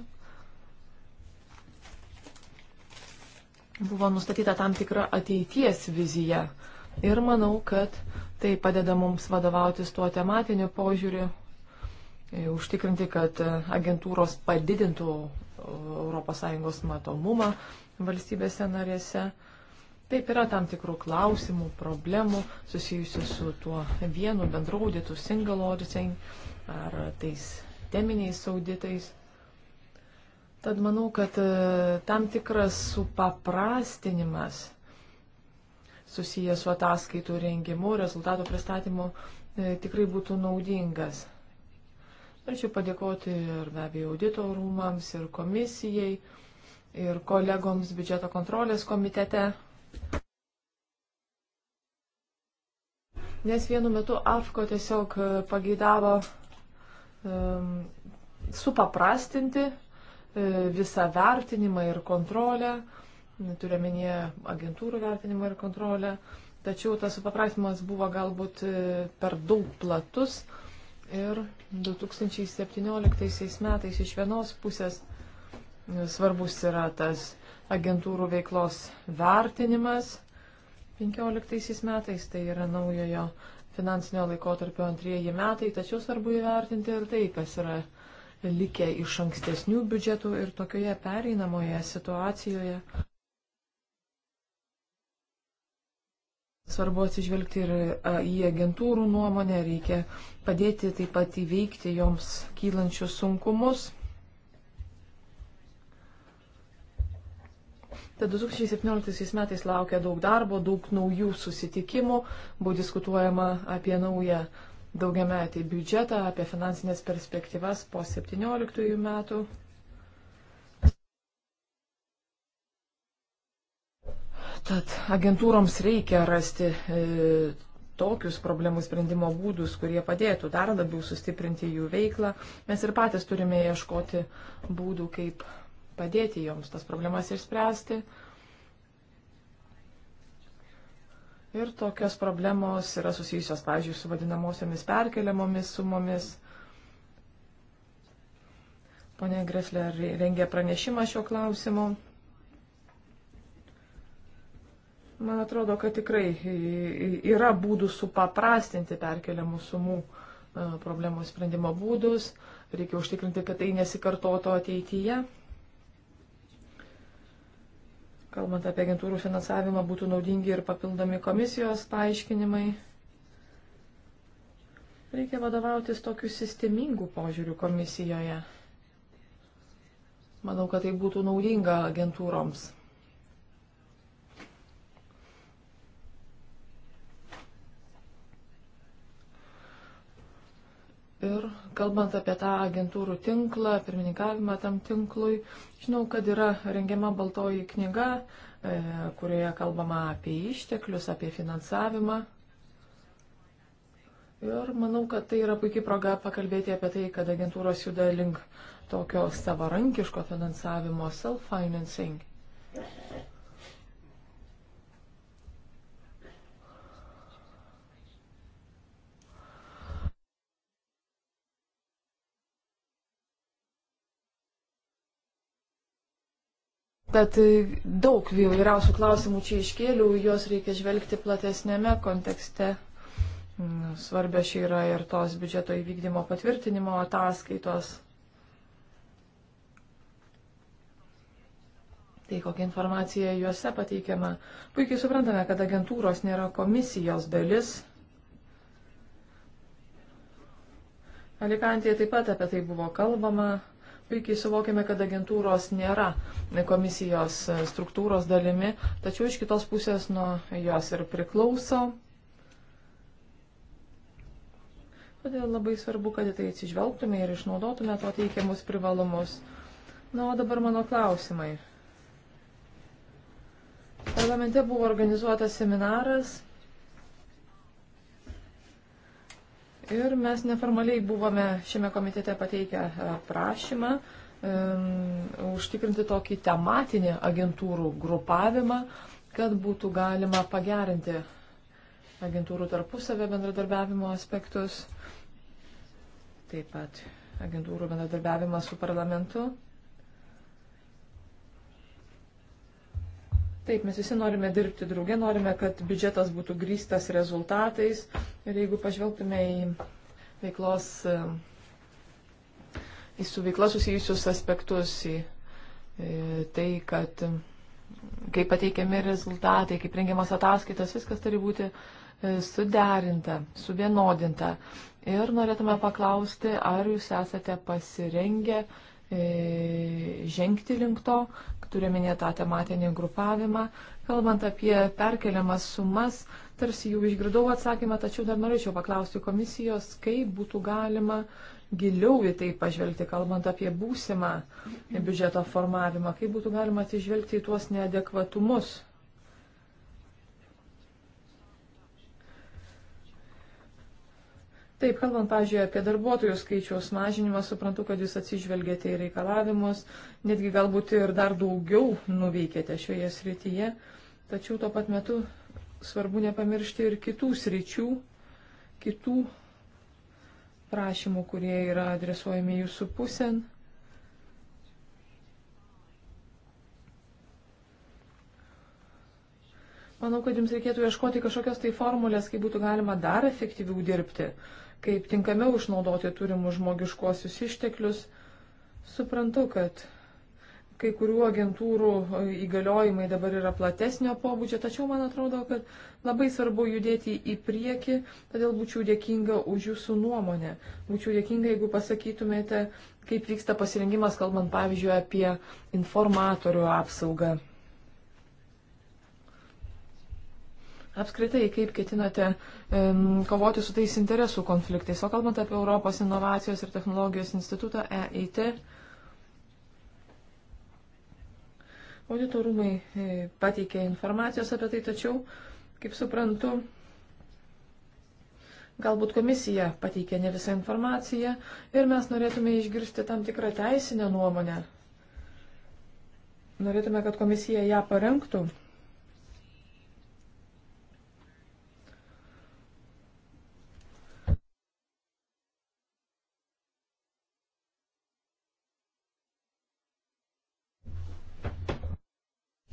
buvo nustatyta tam tikra ateities vizija. Ir manau, kad tai padeda mums vadovautis tuo tematiniu požiūriu, e, užtikrinti, kad e, agentūros padidintų ES matomumą valstybėse narėse. Taip yra tam tikrų klausimų, problemų susijusių su tuo vienu bendrauditu single auditing ar tais teminiais auditais. Tad manau, kad e, tam tikras supaprastinimas susijęs su ataskaitų rengimu, rezultato pristatymu e, tikrai būtų naudingas. Norėčiau padėkoti ir be abejo audito rūmams, ir komisijai, ir kolegoms biudžeto kontrolės komitete. Nes vienu metu AFKO tiesiog pageidavo um, supaprastinti E, visą vertinimą ir kontrolę, turiuomenėje agentūrų vertinimą ir kontrolę, tačiau tas supaprastinimas buvo galbūt e, per daug platus ir 2017 metais iš vienos pusės e, svarbus yra tas agentūrų veiklos vertinimas 15 metais, tai yra naujojo finansinio laikotarpio antrieji metai, tačiau svarbu įvertinti ir tai, kas yra likę iš ankstesnių biudžetų ir tokioje pereinamoje situacijoje svarbu atsižvelgti ir į agentūrų nuomonę, reikia padėti taip pat įveikti joms kylančius sunkumus. Tad 2017 metais laukia daug darbo, daug naujų susitikimų, buvo diskutuojama apie naują daugiametį biudžetą, apie finansinės perspektyvas po 17 metų. Tad agentūroms reikia rasti e, tokius problemų sprendimo būdus, kurie padėtų dar labiau sustiprinti jų veiklą. Mes ir patys turime ieškoti būdų, kaip padėti joms tas problemas išspręsti. E, Ir tokios problemos yra susijusios, pavyzdžiui, su vadinamosiomis perkeliamomis sumomis. Pone Greslė rengė pranešimą šiuo klausimu. Man atrodo, kad tikrai yra būdų supaprastinti perkeliamų sumų e, problemų sprendimo būdus. Reikia užtikrinti, kad tai nesikartoto ateityje kalbant apie agentūrų finansavimą, būtų naudingi ir papildomi komisijos paaiškinimai. Reikia vadovautis tokiu sistemingu požiūriu komisijoje. Manau, kad tai būtų naudinga agentūroms. Ir kalbant apie tą agentūrų tinklą, pirmininkavimą tam tinklui, žinau, kad yra rengiama baltoji knyga, e, kurioje kalbama apie išteklius, apie finansavimą. Ir manau, kad tai yra puikiai proga pakalbėti apie tai, kad agentūros juda link tokio savarankiško finansavimo, self-financing. Tad e, daug įvairiausių klausimų čia iškėliau, juos reikia žvelgti platesnėme kontekste. Mm, Svarbios čia yra ir tos biudžeto įvykdymo patvirtinimo ataskaitos. Tai kokia informacija juose pateikiama. Puikiai suprantame, kad agentūros nėra komisijos dalis. Alikantėje taip pat apie tai buvo kalbama. Puikiai suvokiame, kad agentūros nėra komisijos struktūros dalimi, tačiau iš kitos pusės nuo jos ir priklauso. Todėl labai svarbu, kad į tai atsižvelgtume ir išnaudotume to teikiamus privalumus. Na, o dabar mano klausimai. Parlamente buvo organizuotas seminaras Ir mes neformaliai buvome šiame komitete pateikę e, prašymą um, užtikrinti tokį tematinį agentūrų grupavimą, kad būtų galima pagerinti agentūrų tarpusavę bendradarbiavimo aspektus, taip pat agentūrų bendradarbiavimą su parlamentu. Taip, mes visi norime dirbti draugė, norime, kad biudžetas būtų grįstas rezultatais. Ir jeigu pažvelgtume į veiklos, e, į su veikla susijusius aspektus, į e, tai, kad e, kaip pateikiami rezultatai, kaip rengiamas ataskaitas, viskas turi būti suderinta, suvienodinta. Ir norėtume paklausti, ar jūs esate pasirengę E, žengti link to, turime minėtą tematinį grupavimą. Kalbant apie perkeliamas sumas, tarsi jau išgirdau atsakymą, tačiau dar norėčiau paklausti komisijos, kaip būtų galima giliau į tai pažvelgti, kalbant apie būsimą biudžeto formavimą, kaip būtų galima atsižvelgti į tuos neadekvatumus Taip, kalbant, pažiūrėjau, apie darbuotojų skaičiaus mažinimą, suprantu, kad jūs atsižvelgėte į reikalavimus, netgi galbūt ir dar daugiau nuveikėte šioje srityje, tačiau tuo pat metu svarbu nepamiršti ir kitų sričių, kitų prašymų, kurie yra adresuojami jūsų pusėn. Manau, kad jums reikėtų ieškoti kažkokios tai formulės, kaip būtų galima dar efektyviau dirbti. Uh, kaip tinkamiau išnaudoti turimus žmogiškuosius išteklius. Suprantu, kad kai kurių agentūrų e, įgaliojimai dabar yra platesnio pobūdžio, tačiau man atrodo, kad labai svarbu judėti į priekį, todėl būčiau dėkinga už jūsų nuomonę. Būčiau dėkinga, jeigu pasakytumėte, kaip vyksta pasirengimas, kalbant pavyzdžiui apie informatorių apsaugą. Apskritai, kaip ketinate um, kovoti su tais interesų konfliktais? O kalbant apie Europos inovacijos ir technologijos institutą EIT, auditorumai e, pateikė informacijos apie tai, tačiau, kaip suprantu, galbūt komisija pateikė ne visą informaciją ir mes norėtume išgirsti tam tikrą teisinę nuomonę. Norėtume, kad komisija ją parengtų.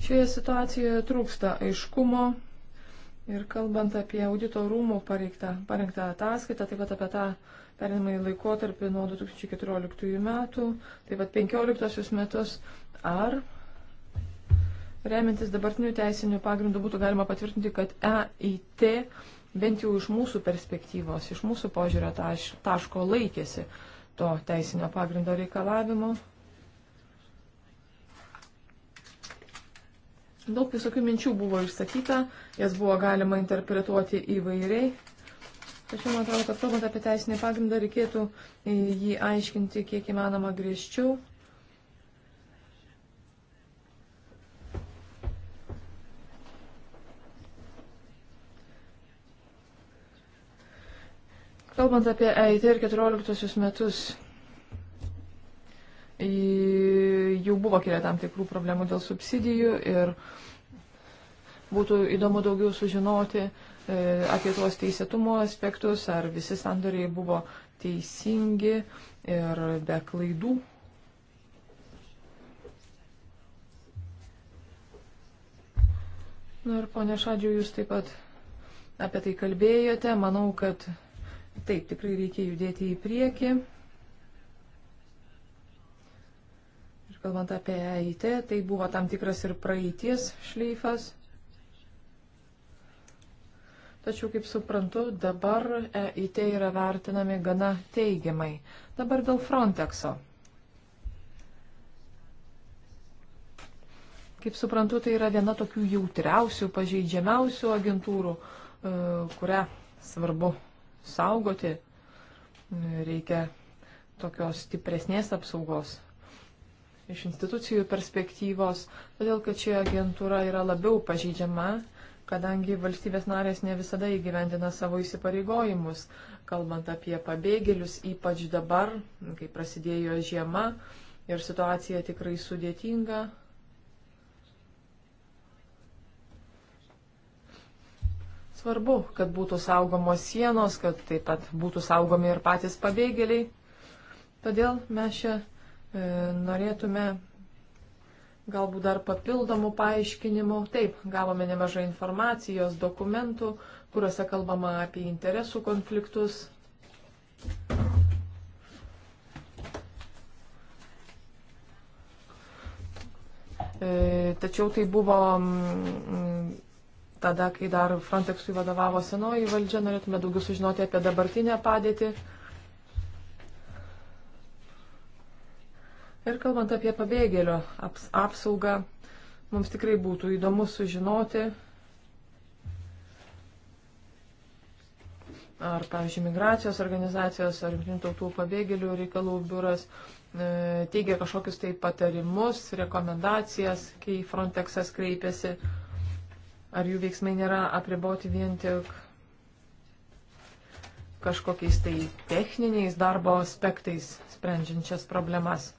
Šioje situacijoje trūksta aiškumo ir kalbant apie audito rūmų pareiktą, parengtą ataskaitą, taip pat apie tą perinamąjį laikotarpį nuo 2014 metų, taip pat 15 metus, ar remintis dabartinių teisinių pagrindų būtų galima patvirtinti, kad EIT bent jau iš mūsų perspektyvos, iš mūsų požiūrio taš, taško laikėsi to teisinio pagrindo reikalavimo. Daug visokių minčių buvo išsakyta, jas buvo galima interpretuoti įvairiai. Tačiau man atrodo, kad kalbant apie teisinį pagrindą, reikėtų e, jį aiškinti kiek įmanoma griežčiau. Kalbant apie EIT ir 14 metus, jau buvo kilę tam tikrų problemų dėl subsidijų ir būtų įdomu daugiau sužinoti e, apie tuos teisėtumo aspektus, ar visi sandoriai buvo teisingi ir be klaidų. Na ir ponė Šadžiu, jūs taip pat apie tai kalbėjote. Manau, kad taip tikrai reikia judėti į priekį. Kalbant apie EIT, tai buvo tam tikras ir praeities šleifas. Tačiau, kaip suprantu, dabar EIT yra vertinami gana teigiamai. Dabar dėl Frontexo. Kaip suprantu, tai yra viena tokių jautriausių, pažeidžiamiausių agentūrų, e, kurią svarbu saugoti. Reikia tokios stipresnės apsaugos iš institucijų perspektyvos, todėl kad ši agentūra yra labiau pažydžiama, kadangi valstybės narės ne visada įgyvendina savo įsipareigojimus, kalbant apie pabėgėlius, ypač dabar, kai prasidėjo žiema ir situacija tikrai sudėtinga. Svarbu, kad būtų saugomos sienos, kad taip pat būtų saugomi ir patys pabėgėliai. Todėl mes čia E, norėtume galbūt dar papildomų paaiškinimų. Taip, gavome nemažai informacijos, dokumentų, kuriuose kalbama apie interesų konfliktus. E, tačiau tai buvo mm, mm, tada, kai dar Frontexui vadovavo senoji valdžia, norėtume daugiau sužinoti apie dabartinę padėtį. Ir kalbant apie pabėgėlio aps, apsaugą, mums tikrai būtų įdomu sužinoti, ar, pavyzdžiui, migracijos organizacijos ar jungtinių tautų pabėgėlių reikalų biuras e, teigia kažkokius tai patarimus, rekomendacijas, kai Frontexas kreipiasi, ar jų veiksmai nėra apriboti vien tik kažkokiais tai techniniais darbo aspektais sprendžiančias problemas.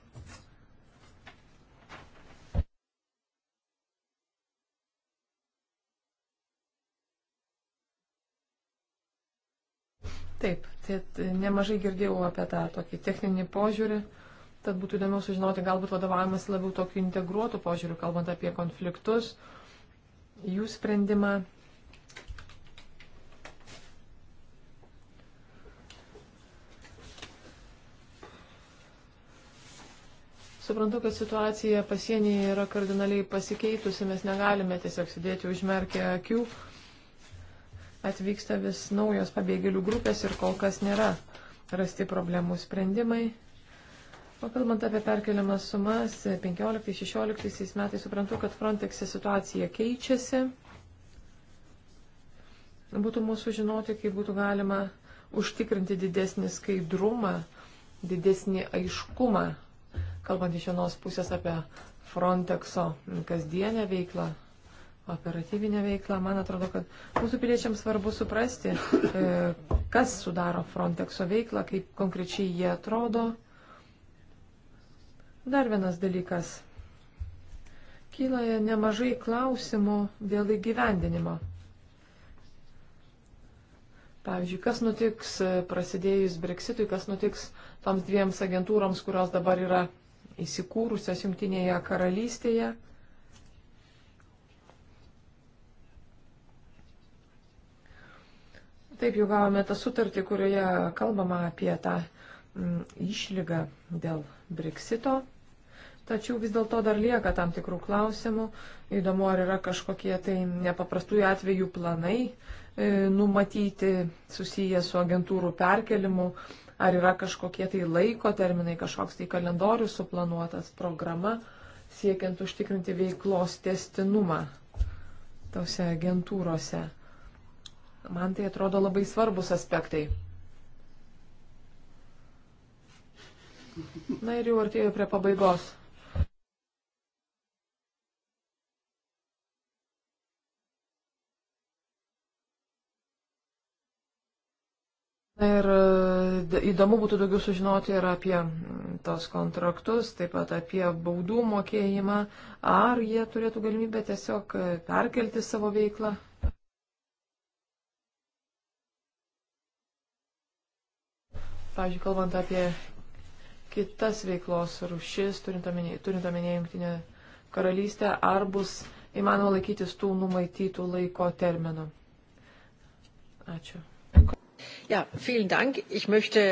Taip, tai nemažai girdėjau apie tą tokį techninį požiūrį, tad būtų įdomu sužinoti, galbūt vadovavimas labiau tokiu integruotu požiūriu, kalbant apie konfliktus, jų sprendimą. Suprantu, kad situacija pasienyje yra kardinaliai pasikeitusi, mes negalime tiesiog sėdėti užmerkę akių atvyksta vis naujos pabėgėlių grupės ir kol kas nėra rasti problemų sprendimai. O kalbant apie perkeliamas sumas, 15-16 metais suprantu, kad Frontex'e situacija keičiasi. Būtų mūsų žinoti, kaip būtų galima užtikrinti didesnį skaidrumą, didesnį aiškumą, kalbant iš vienos pusės apie Frontexo kasdienę veiklą, operatyvinę veiklą. Man atrodo, kad mūsų piliečiams svarbu suprasti, e, kas sudaro Frontexo veiklą, kaip konkrečiai jie atrodo. Dar vienas dalykas. Kyla nemažai klausimų dėl įgyvendinimo. Pavyzdžiui, kas nutiks e, prasidėjus Brexitui, kas nutiks toms dviems agentūroms, kurios dabar yra įsikūrusios Junktinėje karalystėje. Taip jau gavome tą sutartį, kurioje kalbama apie tą m, mm, išlygą dėl Brexito. Tačiau vis dėlto dar lieka tam tikrų klausimų. Įdomu, ar yra kažkokie tai nepaprastųjų atvejų planai e, numatyti susiję su agentūrų perkelimu, ar yra kažkokie tai laiko terminai, kažkoks tai kalendorius suplanuotas programa, siekiant užtikrinti veiklos testinumą tose agentūrose. Man tai atrodo labai svarbus aspektai. Na ir jau artėjau prie pabaigos. Na ir e, įdomu būtų daugiau sužinoti ir apie mm, tos kontraktus, taip pat apie baudų mokėjimą, ar jie turėtų galimybę tiesiog e, perkelti savo veiklą. Pavyzdžiui, kalbant apie kitas veiklos rušis, turint omenyje jungtinę karalystę, ar bus įmanoma laikytis tų numaitytų laiko terminų. Ačiū. Ja, vielen Dank. Ich möchte.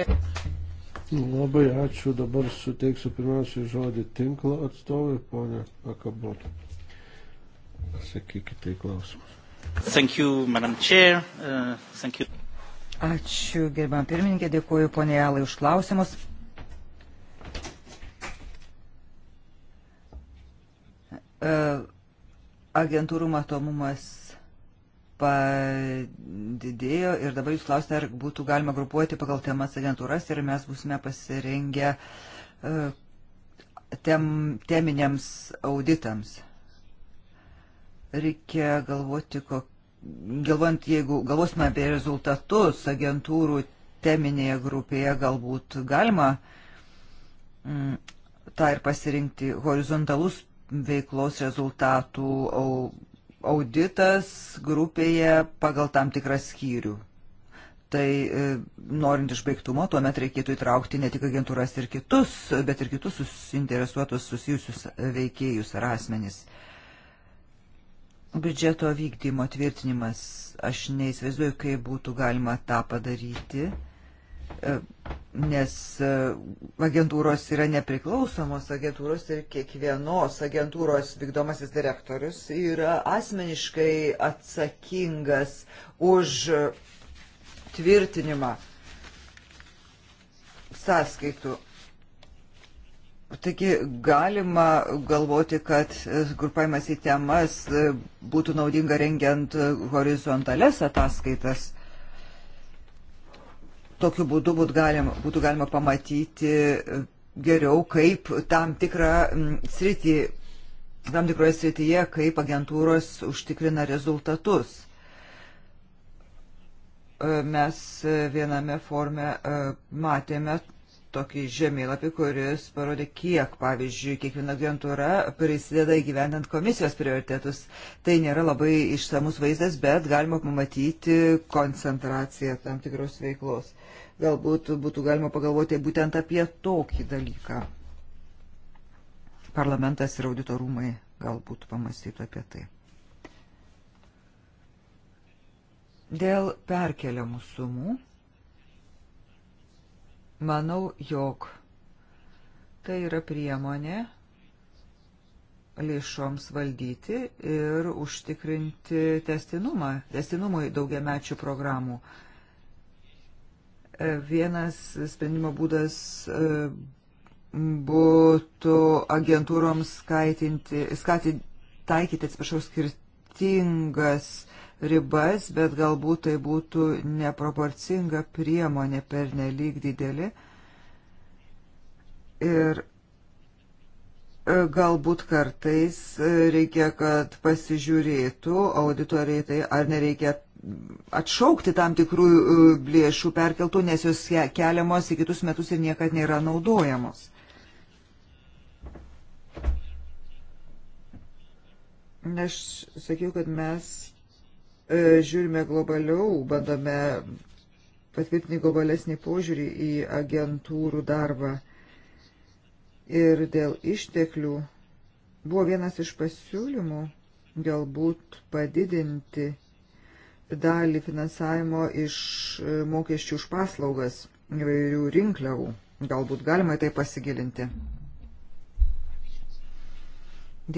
Labai ačiū. Dabar suteiksiu pirmiausiai žodį tinklo atstovui, ponė Akabot. Sakykite į klausimus. Thank you, Madam Chair. Uh, thank you. Ačiū, gerbam pirmininkė, dėkuoju ponė Alai už klausimus. E, agentūrų matomumas padidėjo ir dabar jūs klausite, ar būtų galima grupuoti pagal temas agentūras ir mes būsime pasirengę e, tem, teminiams auditams. Reikia galvoti, kok galvant, jeigu galvosime apie rezultatus agentūrų teminėje grupėje, galbūt galima mm, tą ir pasirinkti horizontalus veiklos rezultatų auditas grupėje pagal tam tikrą skyrių. Tai e, norint išbaigtumo, tuomet reikėtų įtraukti ne tik agentūras ir kitus, bet ir kitus susinteresuotus susijusius veikėjus ar asmenys. E, Biudžeto vykdymo tvirtinimas, aš neįsivaizduoju, kaip būtų galima tą padaryti, e, nes e, agentūros yra nepriklausomos agentūros ir kiekvienos agentūros vykdomasis direktorius yra asmeniškai atsakingas už tvirtinimą sąskaitų Taigi galima galvoti, kad grupavimas į temas būtų naudinga rengiant horizontales ataskaitas. Tokiu būdu būtų galima, būtų galima pamatyti geriau, kaip tam tikrą sritį, tam tikroje srityje, kaip agentūros užtikrina rezultatus. Mes viename forme e, matėme tokį žemėlapį, kuris parodė, kiek, pavyzdžiui, kiekviena agentūra prisideda įgyvendant komisijos prioritetus. Tai nėra labai išsamus vaizdas, bet galima pamatyti koncentraciją tam tikros veiklos. Galbūt būtų galima pagalvoti būtent apie tokį dalyką. Parlamentas ir auditorumai galbūt pamastytų apie tai. Dėl perkeliamų sumų Manau, jog tai yra priemonė lėšoms valdyti ir užtikrinti testinumą, testinumui daugiamečių programų. E, vienas sprendimo būdas e, būtų agentūroms skaitinti, skatinti, taikyti, atsiprašau, skirtingas ribas, bet galbūt tai būtų neproporcinga priemonė per nelik didelį. Ir e, galbūt kartais reikia, kad pasižiūrėtų auditoriai tai, ar nereikia atšaukti tam tikrų e, lėšų perkeltų, nes jos keliamos į kitus metus ir niekad nėra naudojamos. Aš sakiau, kad mes E, žiūrime globaliau, bandome patvirtinti globalesnį požiūrį į agentūrų darbą. Ir dėl išteklių buvo vienas iš pasiūlymų galbūt padidinti dalį finansavimo iš e, mokesčių už paslaugas įvairių rinkliavų. Galbūt galima į tai pasigilinti.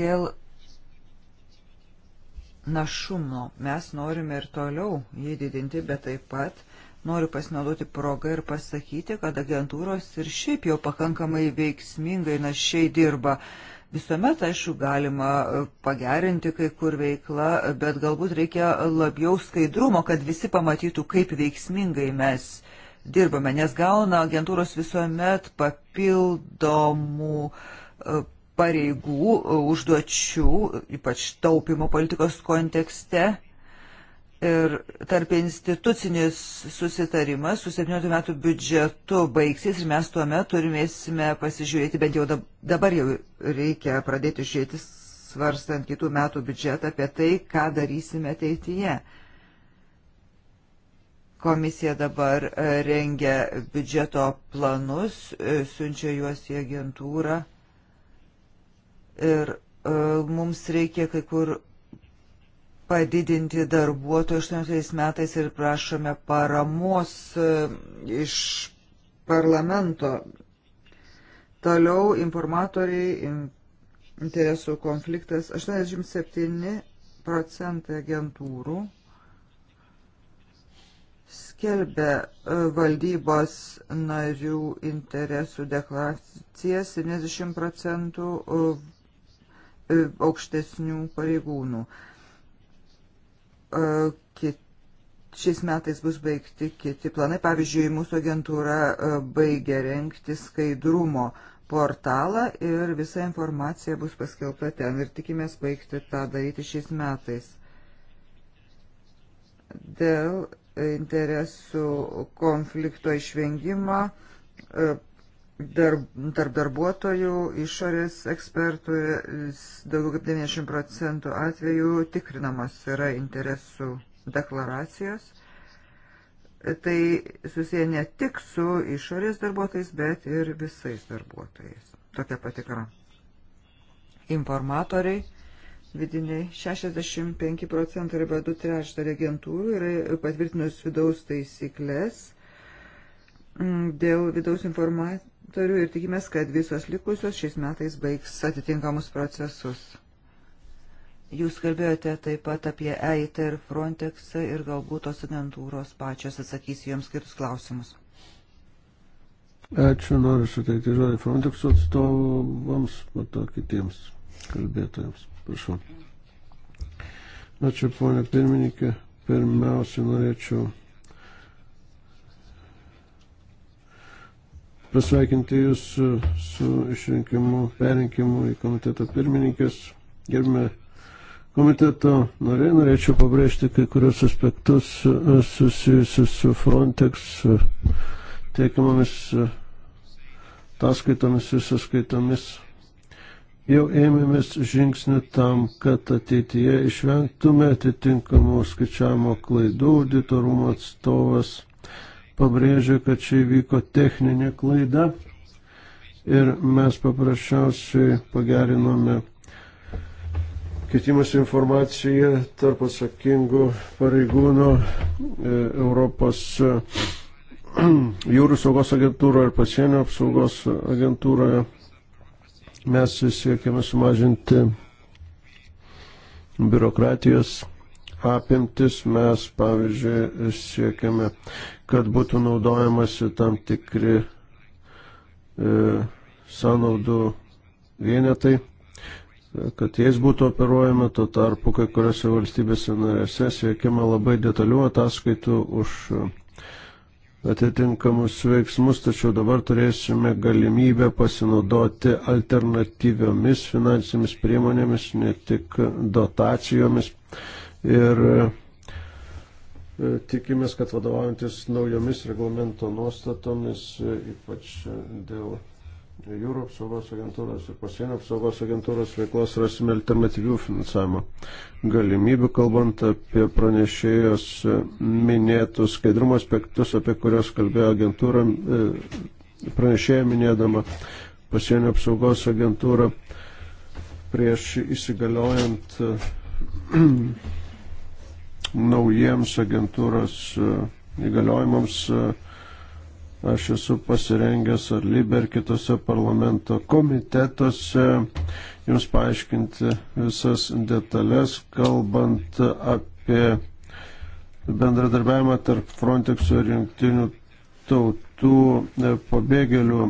Dėl našumo. Mes norime ir toliau jį didinti, bet taip pat noriu pasinaudoti progą ir pasakyti, kad agentūros ir šiaip jau pakankamai veiksmingai našiai dirba. Visuomet, aišku, galima e, pagerinti kai kur veiklą, bet galbūt reikia labiau skaidrumo, kad visi pamatytų, kaip veiksmingai mes dirbame, nes gauna agentūros visuomet papildomų e, pareigų, e, užduočių, ypač taupimo politikos kontekste. Ir tarp institucinis susitarimas su 17 metų biudžetu baigsis ir mes tuo metu turimėsime pasižiūrėti, bent jau dabar jau reikia pradėti žiūrėti svarstant kitų metų biudžetą apie tai, ką darysime ateityje. Komisija dabar e, rengia biudžeto planus, e, siunčia juos į agentūrą Ir e, mums reikia kai kur padidinti darbuotojų 18 metais ir prašome paramos e, iš parlamento. Toliau informatoriai, interesų konfliktas, 87 procentai agentūrų skelbia e, valdybos narių interesų deklaracijas, 70 procentų E, aukštesnių pareigūnų. E, kit, šiais metais bus baigti kiti planai. Pavyzdžiui, mūsų agentūra e, baigia renkti skaidrumo portalą ir visa informacija bus paskelbta ten ir tikimės baigti tą daryti šiais metais. Dėl interesų konflikto išvengimo darb, tarp darbuotojų, išorės ekspertų, daugiau kaip 90 procentų atvejų tikrinamos yra interesų deklaracijos. Tai susiję ne tik su išorės darbuotojais, bet ir visais darbuotojais. Tokia patikra. Informatoriai vidiniai 65 procentai arba 2 trečdaliai agentūrų yra patvirtinus vidaus taisyklės dėl vidaus informacijos sektorių ir tikimės, kad visos likusios šiais metais baigs atitinkamus procesus. Jūs kalbėjote taip pat apie EIT ir Frontexą ir galbūt tos agentūros pačios atsakys joms kitus klausimus. Ačiū, noriu suteikti žodį Frontexo atstovams, po to kitiems kalbėtojams. Prašau. Ačiū, ponia pirmininkė. Pirmiausia, norėčiau pasveikinti Jūs su, su išrinkimu, perinkimu į komiteto pirmininkės. Gerbime komiteto norė, norėčiau pabrėžti kai kurios aspektus e, susijusius su Frontex e, teikiamomis e, ataskaitomis ir sąskaitomis. Jau ėmėmės žingsnių tam, kad ateityje išvengtume atitinkamų skaičiavimo klaidų, auditorumo atstovas pabrėžė, kad čia įvyko techninė klaida ir mes paprasčiausiai pagerinome keitimas informacija tarp atsakingų pareigūnų e, Europos jūrų saugos agentūroje ir pasienio apsaugos agentūroje. Mes siekiame sumažinti biurokratijos apimtis mes, pavyzdžiui, siekiame, kad būtų naudojamasi tam tikri e, sąnaudų vienetai, kad jais būtų operuojama, tuo tarpu kai kuriuose valstybėse narėse siekiama labai detalių ataskaitų už atitinkamus veiksmus, tačiau dabar turėsime galimybę pasinaudoti alternatyviomis finansinėmis priemonėmis, ne tik dotacijomis. E, ir e, tikimės, kad vadovaujantis naujomis reglamento nuostatomis, e, ypač e, dėl jūrų apsaugos agentūros ir pasienio apsaugos agentūros veiklos rasime alternatyvių finansavimo galimybių, kalbant apie pranešėjos minėtus skaidrumo aspektus, apie kurios kalbėjo agentūra, pranešėja minėdama pasienio apsaugos agentūrą prieš įsigaliojant naujiems agentūros e, įgaliojimams e, aš esu pasirengęs ar liber kitose parlamento komitetuose jums paaiškinti visas detalės, kalbant apie bendradarbiavimą tarp Frontexo ir jungtinių tautų e, pabėgėlių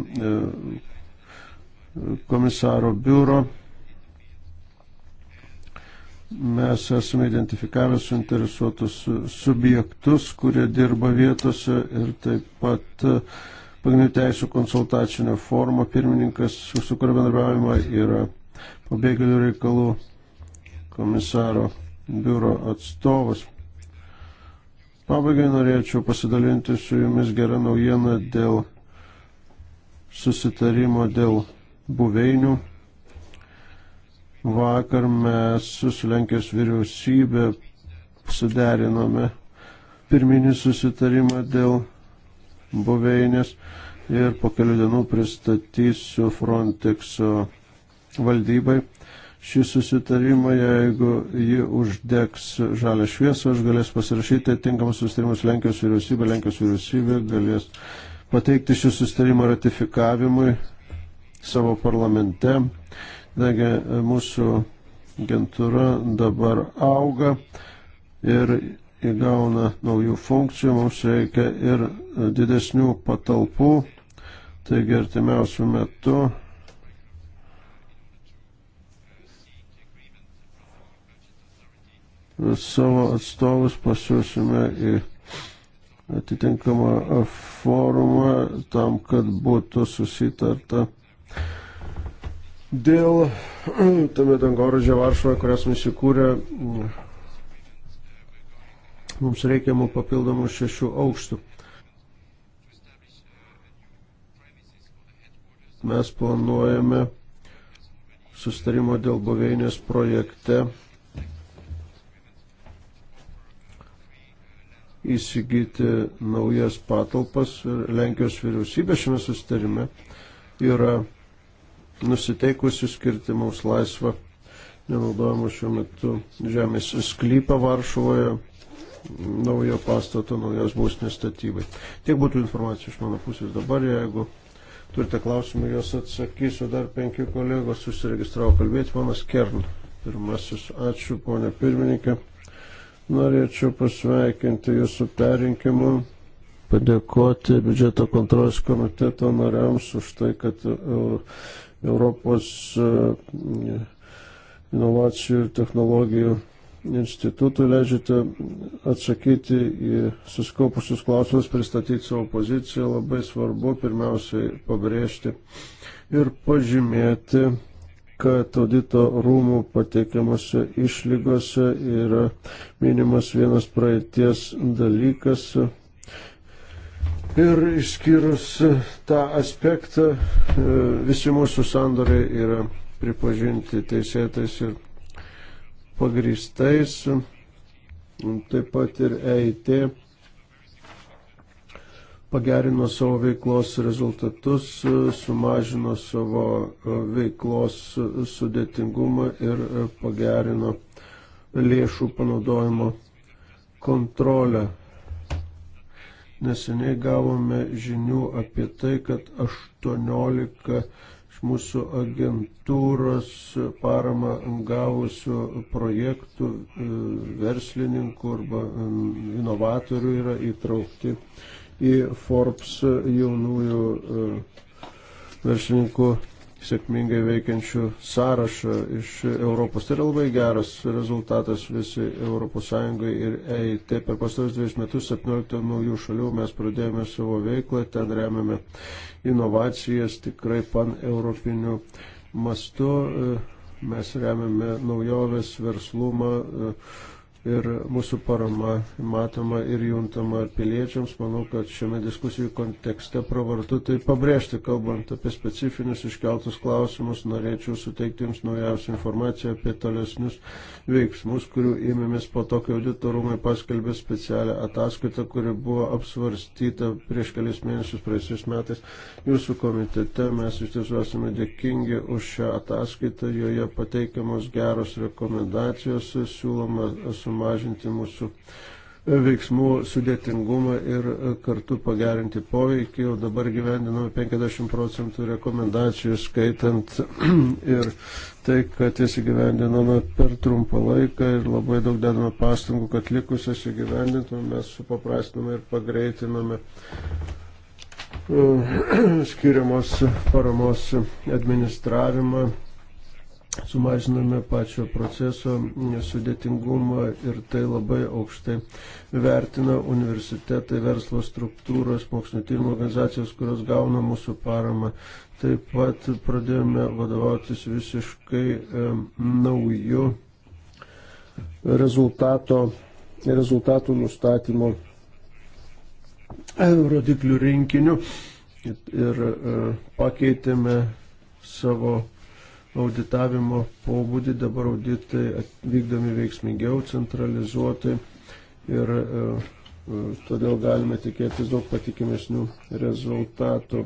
komisaro biuro Mes esame identifikavę suinteresuotus subjektus, kurie dirba vietose ir taip pat e, pagrindinių teisų konsultacinio forumo pirmininkas, su kuriuo bendravimą yra pabėgėlių reikalų komisaro biuro atstovas. Pabaigai norėčiau pasidalinti su jumis gerą naujieną dėl susitarimo dėl buveinių Vakar mes su Lenkijos vyriausybė suderinome pirminį susitarimą dėl buveinės ir po kelių dienų pristatysiu Frontexo valdybai šį susitarimą, jeigu ji uždegs žalę šviesą, aš galės pasirašyti tinkamus susitarimus Lenkijos vyriausybė, Lenkijos vyriausybė galės pateikti šį susitarimą ratifikavimui savo parlamente. Negi e, mūsų agentūra dabar auga ir įgauna naujų funkcijų, mums reikia ir e, didesnių patalpų, taigi artimiausių metų savo atstovus pasiūsime į atitinkamą forumą tam, kad būtų susitarta Dėl tame dangorudžio Varšuvoje, kurias mes įkūrė, mums reikiamų papildomų šešių aukštų. Mes planuojame sustarimo dėl buveinės projekte įsigyti naujas patalpas ir Lenkijos vyriausybė šiame sustarime yra nusiteikusi skirti mums laisvą nenaudojamą šiuo metu žemės sklypą Varšuvoje naujo pastato, naujos būstinės statybai. Tiek būtų informacija iš mano pusės dabar, jeigu turite klausimų, juos atsakysiu. Dar penki kolegos susiregistravo kalbėti, ponas Kern. Pirmasis, ačiū ponė pirmininkė. Norėčiau pasveikinti jūsų perinkimu padėkoti biudžeto kontrolės komiteto nariams už tai, kad e, Europos e, inovacijų ir technologijų institutui leidžiate atsakyti į suskaupusius klausimus, pristatyti savo poziciją. Labai svarbu pirmiausiai pabrėžti ir pažymėti, kad audito rūmų pateikiamuose išlygose yra minimas vienas praeities dalykas Ir išskyrus tą aspektą, e, visi mūsų sandoriai yra pripažinti teisėtais ir pagristais, taip pat ir EIT pagerino savo veiklos rezultatus, sumažino savo e, veiklos sudėtingumą ir e, pagerino lėšų panaudojimo kontrolę Neseniai gavome žinių apie tai, kad 18 iš mūsų agentūros paramą gavusių projektų e, verslininkų arba e, inovatorių yra įtraukti į Forbes jaunųjų e, verslininkų sėkmingai veikiančių sąrašą iš Europos. Tai yra labai geras rezultatas visai ES ir EIT. Per pastarus dviejus metus 17 naujų šalių mes pradėjome savo veiklą, ten remiame inovacijas tikrai pan-europiniu mastu. Mes remiame naujoves, verslumą ir mūsų parama matoma ir juntama piliečiams. Manau, kad šiame diskusijų kontekste pravartu tai pabrėžti, kalbant apie specifinius iškeltus klausimus, norėčiau suteikti Jums naujausią informaciją apie tolesnius veiksmus, kurių ėmėmės po to, kai auditorumai paskelbė specialią ataskaitą, kuri buvo apsvarstyta prieš kelias mėnesius praeisiais metais Jūsų komitete. Mes iš tiesų esame dėkingi už šią ataskaitą, joje pateikiamos geros rekomendacijos, siūloma su sumažinti mūsų e, veiksmų sudėtingumą ir e, kartu pagerinti poveikį. O dabar gyvendiname 50 procentų rekomendacijų, skaitant ir tai, kad jas įgyvendiname per trumpą laiką ir labai daug dedame pastangų, kad likusias įgyvendintume, mes supaprastiname ir pagreitiname e, skiriamos paramos administravimą sumažiname pačio proceso sudėtingumą ir tai labai aukštai vertina universitetai, verslo struktūros, mokslinio tyrimo organizacijos, kurios gauna mūsų paramą. Taip pat pradėjome vadovautis visiškai e, nauju rezultato, rezultatų nustatymo rodiklių rinkiniu ir e, pakeitėme savo auditavimo pobūdį, dabar auditai vykdomi veiksmingiau, centralizuotai ir e, e, todėl galime tikėtis daug patikimesnių rezultatų.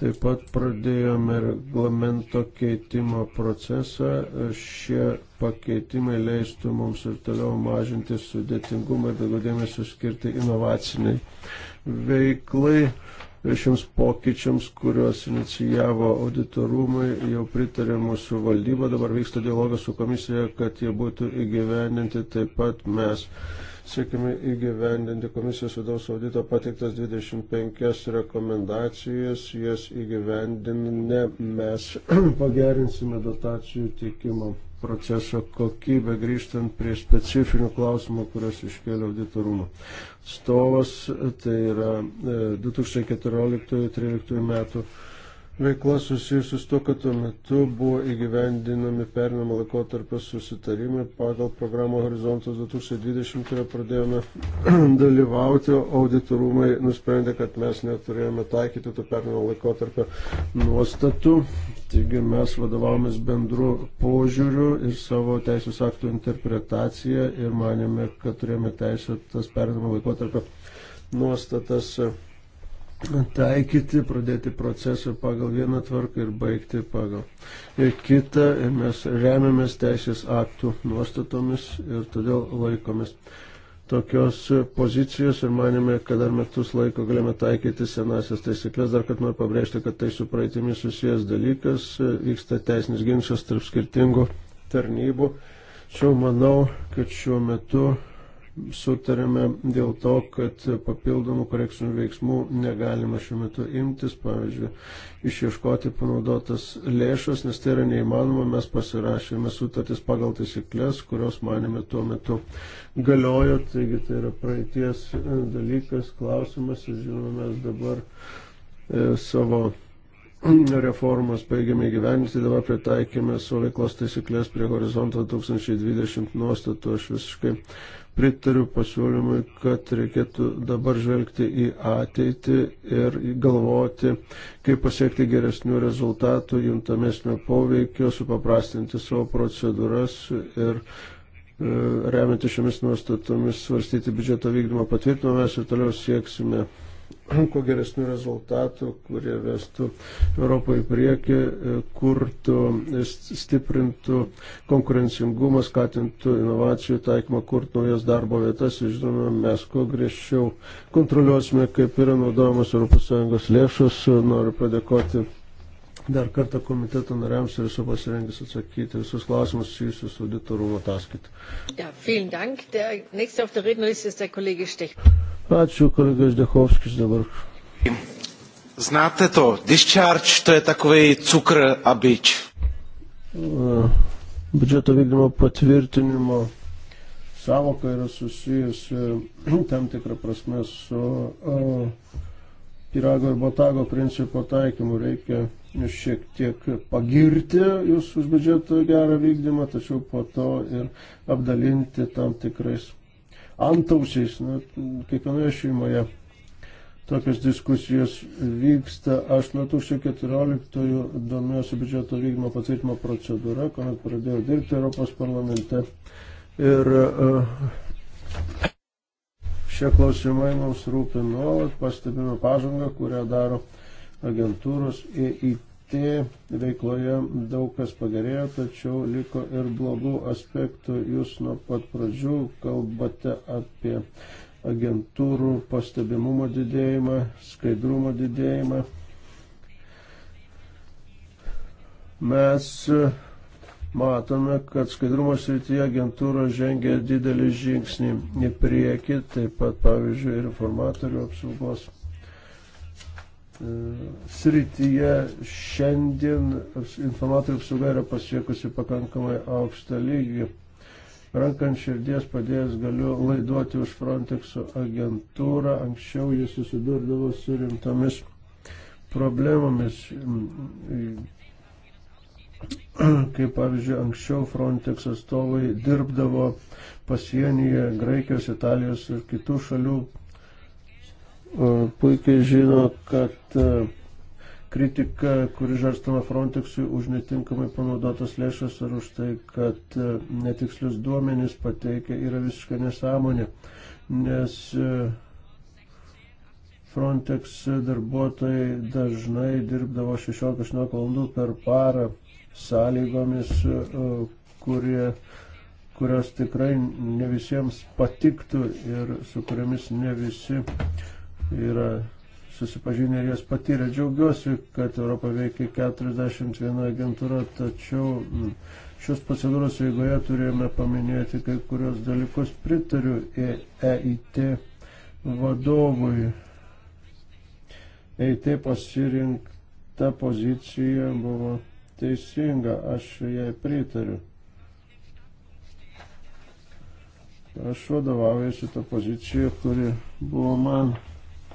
Taip pat pradėjome reglamento keitimo procesą. E, šie pakeitimai leistų mums ir toliau mažinti sudėtingumą ir daugiau dėmesio skirti inovaciniai veiklai šiems pokyčiams, kuriuos inicijavo auditorumai, jau pritarė mūsų valdyba, dabar vyksta dialogas su komisija, kad jie būtų įgyvendinti, taip pat mes siekime įgyvendinti komisijos vidaus audito pateiktas 25 rekomendacijas, jas įgyvendinę mes pagerinsime dotacijų teikimo proceso kokybę, grįžtant prie specifinių klausimų, kuriuos iškėlė auditorumo. Stovas, tai yra 2014-2013 e, metų veikla susijusi su to, kad tuo metu buvo įgyvendinami perinamą laikotarpio susitarimai pagal programą Horizontas 2020, kurioje pradėjome dalyvauti, auditorumai nusprendė, kad mes neturėjome taikyti to perinamą laikotarpio nuostatų. Taigi mes vadovavomės bendru požiūriu ir savo teisės aktų interpretaciją ir manėme, kad turėjome teisę tas perinamą laikotarpio nuostatas taikyti, pradėti procesą pagal vieną tvarką ir baigti pagal ir kitą. Ir mes remiamės teisės aktų nuostatomis ir todėl laikomės tokios pozicijos ir manėme, kad dar metus laiko galime taikyti senasias taisyklės. Dar kad noriu pabrėžti, kad tai su praeitimi susijęs dalykas, vyksta teisinis ginčas tarp skirtingų tarnybų. Čia manau, kad šiuo metu sutarėme dėl to, kad papildomų korekcinių veiksmų negalima šiuo metu imtis, pavyzdžiui, išieškoti panaudotas lėšas, nes tai yra neįmanoma, mes pasirašėme sutartis pagal taisyklės, kurios manėme tuo metu galiojo, taigi tai yra praeities e, dalykas, klausimas, žinoma, mes dabar e, savo reformas baigėme gyventi, dabar pritaikėme savo veiklos taisyklės prie horizonto 2020 nuostatų, aš visiškai pritariu pasiūlymui, kad reikėtų dabar žvelgti į ateitį ir galvoti, kaip pasiekti geresnių rezultatų, juntamesnio poveikio, supaprastinti savo procedūras ir e, remianti šiomis nuostatomis svarstyti biudžeto vykdymą patvirtinimą, mes ir toliau sieksime kuo geresnių rezultatų, kurie vestų Europą į priekį, e, kurtų, e, stiprintų konkurencingumą, skatintų inovacijų taikymą, kurtų naujas darbo vietas. Žinoma, mes kuo griežčiau kontroliuosime, kaip yra naudojamos ES lėšos. Noriu padėkoti Dar kartą komiteto nariams ir esu pasirengęs atsakyti visus klausimus susijusius su auditorumo ataskaita. Ja, Ačiū, kolega Ždekovskis dabar. Znáte to, discharge to je takový cukr a byč. Uh, Biudžeto vykdymo patvirtinimo savoka yra susijusi tam tikrą prasme su uh, pirago ir botago principo taikymu. Reikia šiek tiek pagirti jūs už biudžeto gerą vykdymą, tačiau po to ir apdalinti tam tikrais antausiais. Na, nu, kiekvienoje šeimoje tokios diskusijos vyksta. Aš nuo 2014 domiuosi biudžeto vykdymo patvirtimo procedūra, kuomet pradėjau dirbti Europos parlamente. Ir uh, šie klausimai mums rūpi nuolat, pastebime pažangą, kurią daro agentūros EIT veikloje daug kas pagerėjo, tačiau liko ir blogų aspektų. Jūs nuo pat pradžių kalbate apie agentūrų pastebimumo didėjimą, skaidrumo didėjimą. Mes matome, kad skaidrumo srityje agentūra žengia didelį žingsnį į priekį, taip pat, pavyzdžiui, ir informatorių apsaugos srityje šiandien informatorių apsauga yra pasiekusi pakankamai aukštą lygį. Rankant širdies padėjęs galiu laiduoti už Frontexo agentūrą. Anksčiau jis susidurdavo su rimtomis problemomis. Kaip pavyzdžiui, anksčiau Frontex atstovai dirbdavo pasienyje Graikijos, Italijos ir kitų šalių puikiai žino, kad kritika, kuri žarstama Frontexui už netinkamai panaudotas lėšas ar už tai, kad netikslius duomenys pateikia, yra visiškai nesąmonė, nes Frontex darbuotojai dažnai dirbdavo 16 valandų per parą sąlygomis, kurie, kurios tikrai ne visiems patiktų ir su kuriamis ne visi uh, yra susipažinę ir jas patyrę. Džiaugiuosi, kad Europą veikia 41 agentūra, tačiau mm, šios procedūros eigoje turėjome paminėti kai kurios dalykus. Pritariu EIT vadovui. EIT pasirinkta pozicija buvo teisinga, aš jai pritariu. Aš vadovaujuosi tą poziciją, kuri buvo man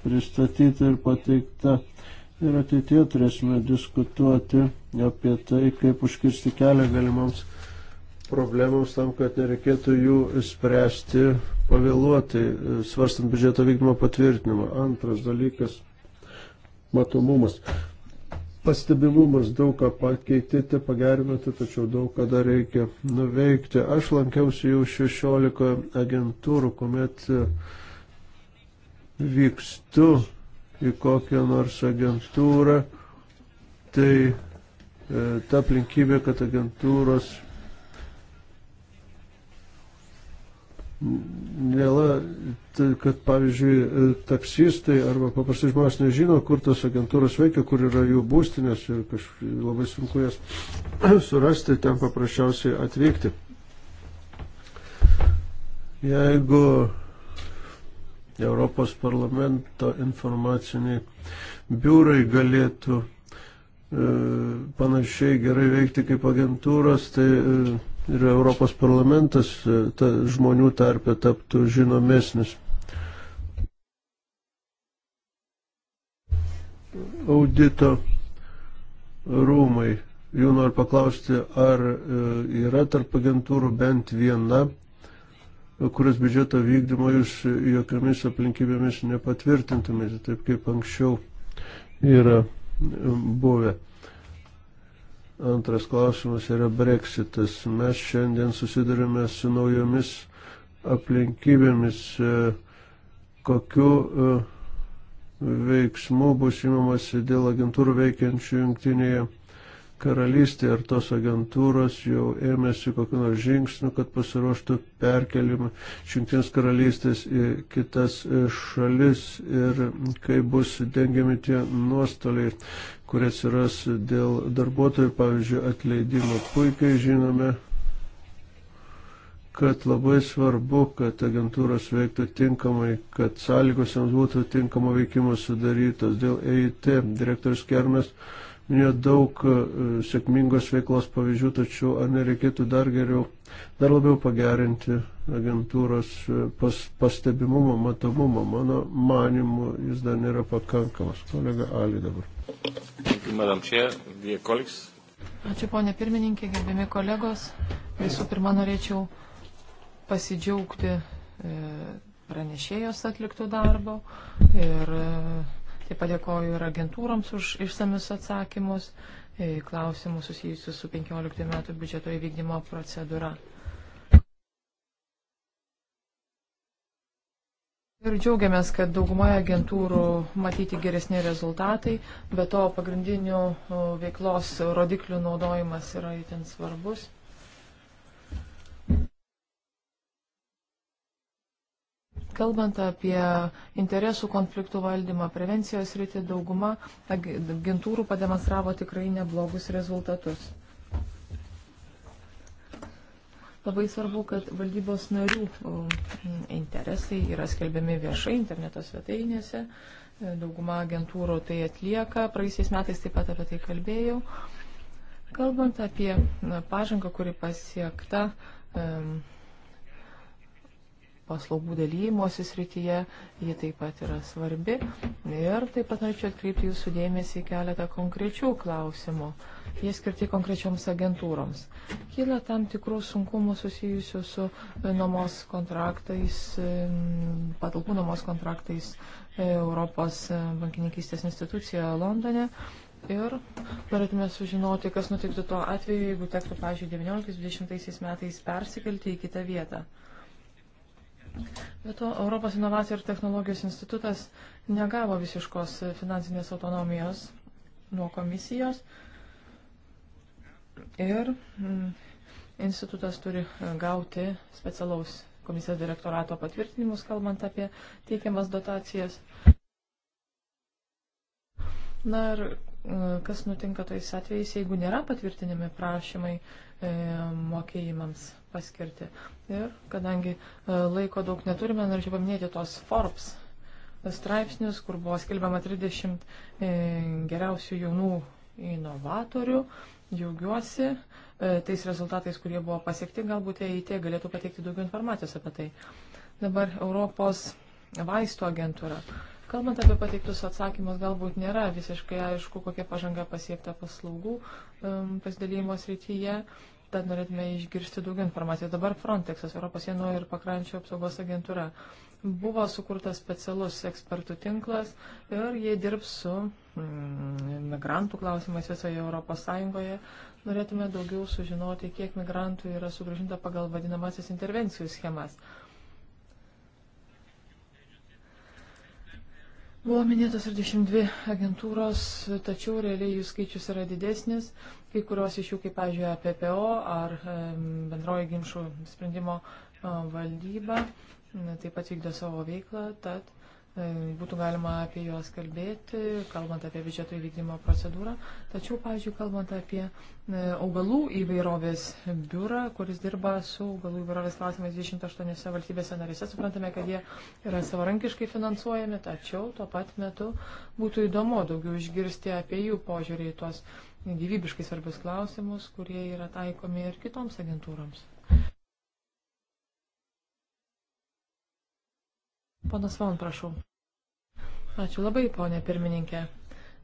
pristatyta ir pateikta. Ir ateitie turėsime diskutuoti apie tai, kaip užkirsti kelią galimams problemams tam, kad nereikėtų jų spręsti pavėluotai, svarstant biudžeto vykdymo patvirtinimą. Antras dalykas - matomumas pastebimumas daug ką pakeitėte, pagerinote, tačiau daug ką dar reikia nuveikti. Aš lankiausi jau 16 agentūrų, kuomet vykstu į kokią nors agentūrą, tai e, ta aplinkybė, kad agentūros Nėla, tai, kad pavyzdžiui e, taksistai arba paprastai žmonės nežino, kur tos agentūros veikia, kur yra jų būstinės ir kažkaip labai sunku jas surasti, ten paprasčiausiai atvykti. Jeigu Europos parlamento informaciniai biurai galėtų e, panašiai gerai veikti kaip agentūros, tai e, ir Europos parlamentas e, ta, žmonių tarpė taptų žinomesnis. Audito rūmai. Jų noriu paklausti, ar yra tarp agentūrų bent viena kurios biudžeto vykdymo jūs jokiamis aplinkybėmis nepatvirtintumėte, taip kaip anksčiau yra e, buvę. Antras klausimas yra breksitas. Mes šiandien susidurime su naujomis aplinkybėmis, e, kokiu e, veiksmu bus įmamasi dėl agentūrų veikiančių jungtinėje karalystė ar tos agentūros jau ėmėsi kokiu nors žingsniu, kad pasiruoštų perkelimą iš Junktinės karalystės į kitas e, šalis ir kai bus dengiami tie nuostoliai, kurie atsiras dėl darbuotojų, pavyzdžiui, atleidimo. Puikiai žinome, kad labai svarbu, kad agentūros veiktų tinkamai, kad sąlygos jiems būtų tinkamo veikimo sudarytos. Dėl EIT direktorius Kernas nedaug e, sėkmingos veiklos pavyzdžių, tačiau ar nereikėtų dar geriau, dar labiau pagerinti agentūros e, pas, pastebimumą, matomumą. Mano manimu, jis dar nėra pakankamas. Kolega Ali dabar. Ačiū, ponė pirmininkė, gerbiami kolegos. Visų pirma, norėčiau pasidžiaugti e, pranešėjos atliktų darbo ir Taip padėkoju ir agentūroms už išsamius atsakymus, klausimus susijusius su 15 metų biudžeto įvykdymo procedūra. Ir džiaugiamės, kad daugumoje agentūrų matyti geresni rezultatai, bet to pagrindinių veiklos rodiklių naudojimas yra įtin svarbus. Kalbant apie interesų konfliktų valdymą, prevencijos rytį, dauguma agentūrų pademonstravo tikrai neblogus rezultatus. Labai svarbu, kad valdybos narių interesai yra skelbiami viešai interneto svetainėse. Dauguma agentūrų tai atlieka. Praeisiais metais taip pat apie tai kalbėjau. Kalbant apie pažangą, kuri pasiekta. Um, paslaugų dalymosi srityje, ji taip pat yra svarbi. Ir taip pat norėčiau atkreipti jūsų dėmesį į keletą konkrečių klausimų. Jie skirti konkrečioms agentūroms. Kyla tam tikrų sunkumų susijusių su e, nuomos kontraktais, e, patalpų nuomos kontraktais e, Europos bankininkystės institucijoje Londone. Ir norėtume sužinoti, kas nutiktų tuo atveju, jeigu tektų, pavyzdžiui, 19-20 metais persikelti į kitą vietą. Be to, Europos inovacijų ir technologijos institutas negavo visiškos finansinės autonomijos nuo komisijos ir mm, institutas turi e, gauti specialaus komisijos direktorato patvirtinimus, kalbant apie teikiamas dotacijas. Na ir E, kas nutinka tais atvejais, jeigu nėra patvirtinami prašymai e, mokėjimams paskirti. Ir kadangi e, laiko daug neturime, norėčiau paminėti tos Forbes straipsnius, kur buvo skelbiama 30 geriausių jaunų inovatorių. Džiaugiuosi tais rezultatais, kurie buvo pasiekti, galbūt EIT galėtų pateikti daugiau informacijos apie tai. Dabar Europos vaistų agentūra. Kalbant apie pateiktus atsakymus, galbūt nėra visiškai aišku, kokia pažanga pasiekta paslaugų um, pasidalymo srityje. Tad norėtume išgirsti daugiau informacijos. Dabar Frontexas, Europos sienų ir pakrančio apsaugos agentūra. Buvo sukurtas specialus ekspertų tinklas ir jie dirbs su mm, migrantų klausimais visoje Europos Sąjungoje. Norėtume daugiau sužinoti, kiek migrantų yra sugražinta pagal vadinamasis intervencijų schemas. Uh, Buvo minėtas ir 22 agentūros, tačiau realiai jų skaičius yra didesnis. Kai kurios iš jų, kaip, pavyzdžiui, APPO ar bendroji ginčių sprendimo valdyba, taip pat vykdo savo veiklą, tad E, būtų galima apie juos kalbėti, kalbant apie biudžeto įvykdymo procedūrą. Tačiau, pavyzdžiui, kalbant apie e, augalų įvairovės biurą, kuris dirba su augalų įvairovės klausimais 28 valstybėse narėse, suprantame, kad jie yra savarankiškai finansuojami, tačiau tuo pat metu būtų įdomu daugiau išgirsti apie jų požiūrį į tuos gyvybiškai svarbius klausimus, kurie yra taikomi ir kitoms agentūroms. Panas Van, prašau. Ačiū labai, ponė pirmininkė.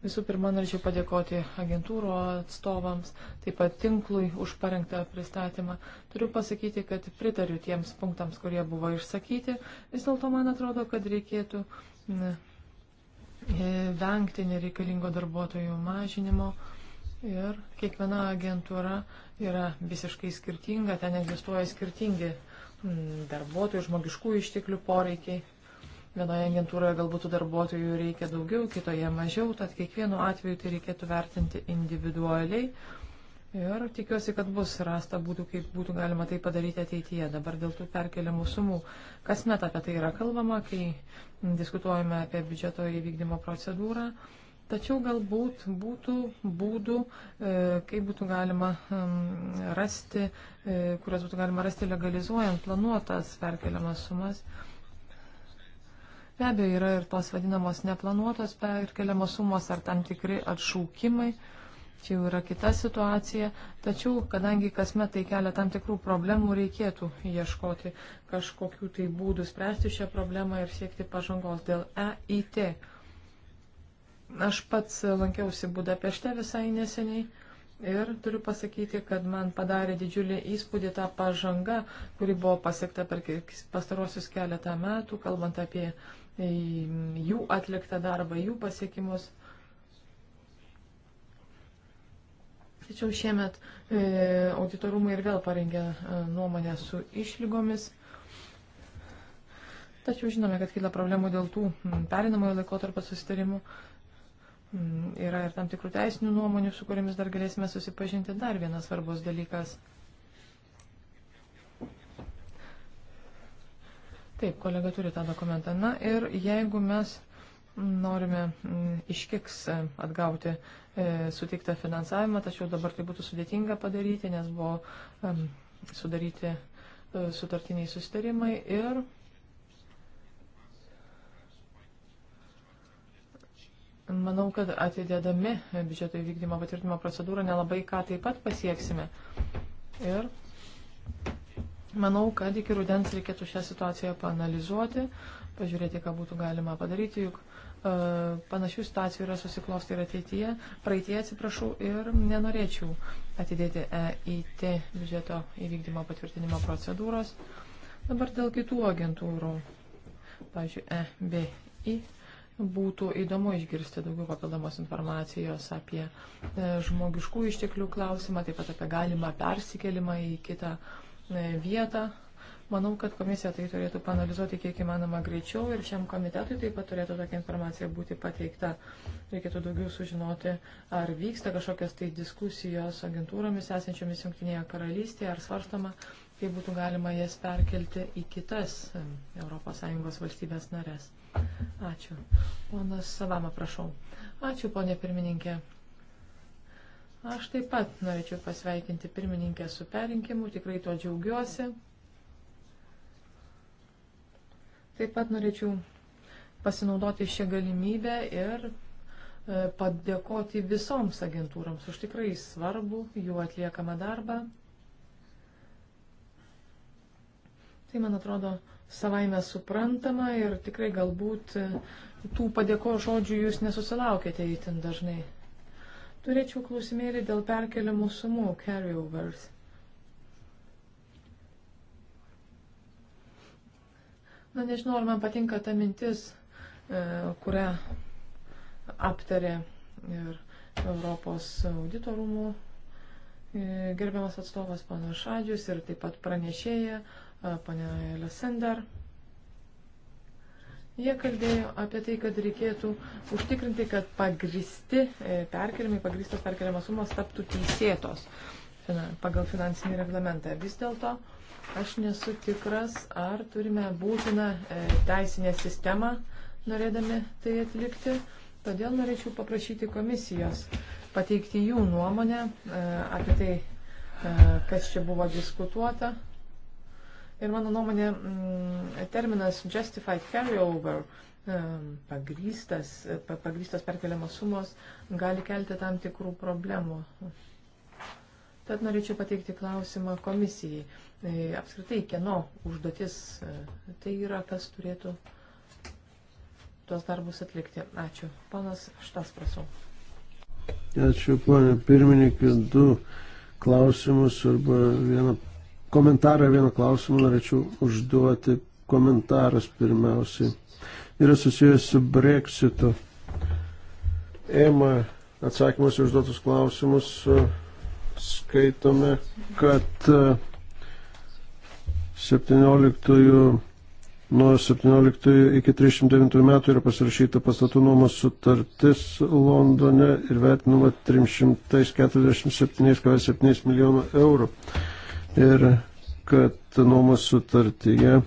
Visų pirma, norėčiau padėkoti agentūro atstovams, taip pat tinklui už parengtą pristatymą. Turiu pasakyti, kad pritariu tiems punktams, kurie buvo išsakyti. Vis dėlto man atrodo, kad reikėtų e, vengti nereikalingo darbuotojų mažinimo. Ir kiekviena agentūra yra visiškai skirtinga, ten egzistuoja skirtingi darbuotojų, žmogiškų išteklių poreikiai. Vienoje agentūroje galbūt darbuotojų reikia daugiau, kitoje mažiau, tad kiekvienu atveju tai reikėtų vertinti individualiai. Ir tikiuosi, kad bus rasta būdų, kaip būtų galima tai padaryti ateityje. Dabar dėl tų perkeliamų sumų. Kasmet apie tai yra kalbama, kai diskutuojame apie biudžeto įvykdymo procedūrą. Tačiau galbūt būtų būdų, e, kaip būtų galima rasti, e, kurias būtų galima rasti legalizuojant planuotas perkeliamas sumas. Be abejo, yra ir tos vadinamos neplanuotos perkeliamos sumos ar tam tikri atšaukimai. Čia jau yra kita situacija. Tačiau, kadangi kasmet tai kelia tam tikrų problemų, reikėtų ieškoti kažkokių tai būdų spręsti šią problemą ir siekti pažangos dėl EIT. Aš pats lankiausi Budapešte visai neseniai Ir turiu pasakyti, kad man padarė didžiulį įspūdį tą pažangą, kuri buvo pasiekta per pastarosius keletą metų, kalbant apie jų atliktą darbą, jų pasiekimus. Tačiau šiemet e, auditorumai ir vėl parengė e, nuomonę su išlygomis. Tačiau žinome, kad kyla problemų dėl tų perinamojo laikotarpio susitarimų. E, Mm, yra ir tam tikrų teisinių nuomonių, su kuriamis dar galėsime susipažinti. Dar vienas svarbus dalykas. Taip, kolega turi tą dokumentą. Na ir jeigu mes norime mm, iš kiks atgauti e, suteiktą finansavimą, tačiau dabar tai būtų sudėtinga padaryti, nes buvo e, sudaryti e, sutartiniai susitarimai ir Manau, kad atidėdami biudžeto įvykdymo patvirtinimo procedūrą nelabai ką taip pat pasieksime. Ir manau, kad iki rudens reikėtų šią situaciją panalizuoti, pažiūrėti, ką būtų galima padaryti, juk e, panašių situacijų yra susiklosti ir ateityje, praeitie atsiprašau, ir nenorėčiau atidėti EIT biudžeto įvykdymo patvirtinimo procedūros. Dabar dėl kitų agentūrų, pavyzdžiui, EBI Būtų įdomu išgirsti daugiau papildomos informacijos apie e, žmogiškų išteklių klausimą, taip pat apie galimą persikelimą į kitą e, vietą. Manau, kad komisija tai turėtų panalizuoti kiek įmanoma greičiau ir šiam komitetui taip pat turėtų tokia informacija būti pateikta. Reikėtų daugiau sužinoti, ar vyksta kažkokios tai diskusijos agentūromis esančiomis Junktinėje karalystėje, ar svarstama kaip būtų galima jas perkelti į kitas ES valstybės narės. Ačiū. Ponas Savama, prašau. Ačiū, ponė pirmininkė. Aš taip pat norėčiau pasveikinti pirmininkę su perinkimu, tikrai tuo džiaugiuosi. Taip pat norėčiau pasinaudoti šią galimybę ir e, padėkoti visoms agentūroms už tikrai svarbu jų atliekamą darbą. Tai, man atrodo, savaime suprantama ir tikrai galbūt tų padėko žodžių jūs nesusilaukėte įtin dažnai. Turėčiau klausimėlį dėl perkeliamų sumų, carryovers. Na, nežinau, ar man patinka ta mintis, e, kurią aptarė ir Europos auditorumų e, gerbiamas atstovas panašadžius ir taip pat pranešėja ponė Lesender. Jie kalbėjo apie tai, kad reikėtų užtikrinti, kad pagristi e, perkelimai, pagristos perkeliamos sumos taptų teisėtos pagal finansinį reglamentą. Vis dėlto aš nesu tikras, ar turime būtiną e, teisinę sistemą, norėdami tai atlikti. Todėl norėčiau paprašyti komisijos pateikti jų nuomonę e, apie tai, kas čia buvo diskutuota. Ir mano nuomonė, mm, terminas justified carryover, pagrystas, pagrystas perkeliamos sumos, gali kelti tam tikrų problemų. Tad norėčiau pateikti klausimą komisijai. E, apskritai, kieno užduotis e, tai yra, kas turėtų tuos darbus atlikti. Ačiū. Panas Štas, prasau. Ačiū, ponė pirmininkė, du klausimus arba vieną komentarą ir vieną klausimą norėčiau užduoti. Komentaras pirmiausiai yra susijęs su breksitu. Ema atsakymus užduotus klausimus skaitome, kad 17 e, Nuo 17 iki 39 metų yra pasirašyta pastatų nuomos sutartis Londone ir vertinama 347,7 milijonų eurų ir kad nuomos sutartyje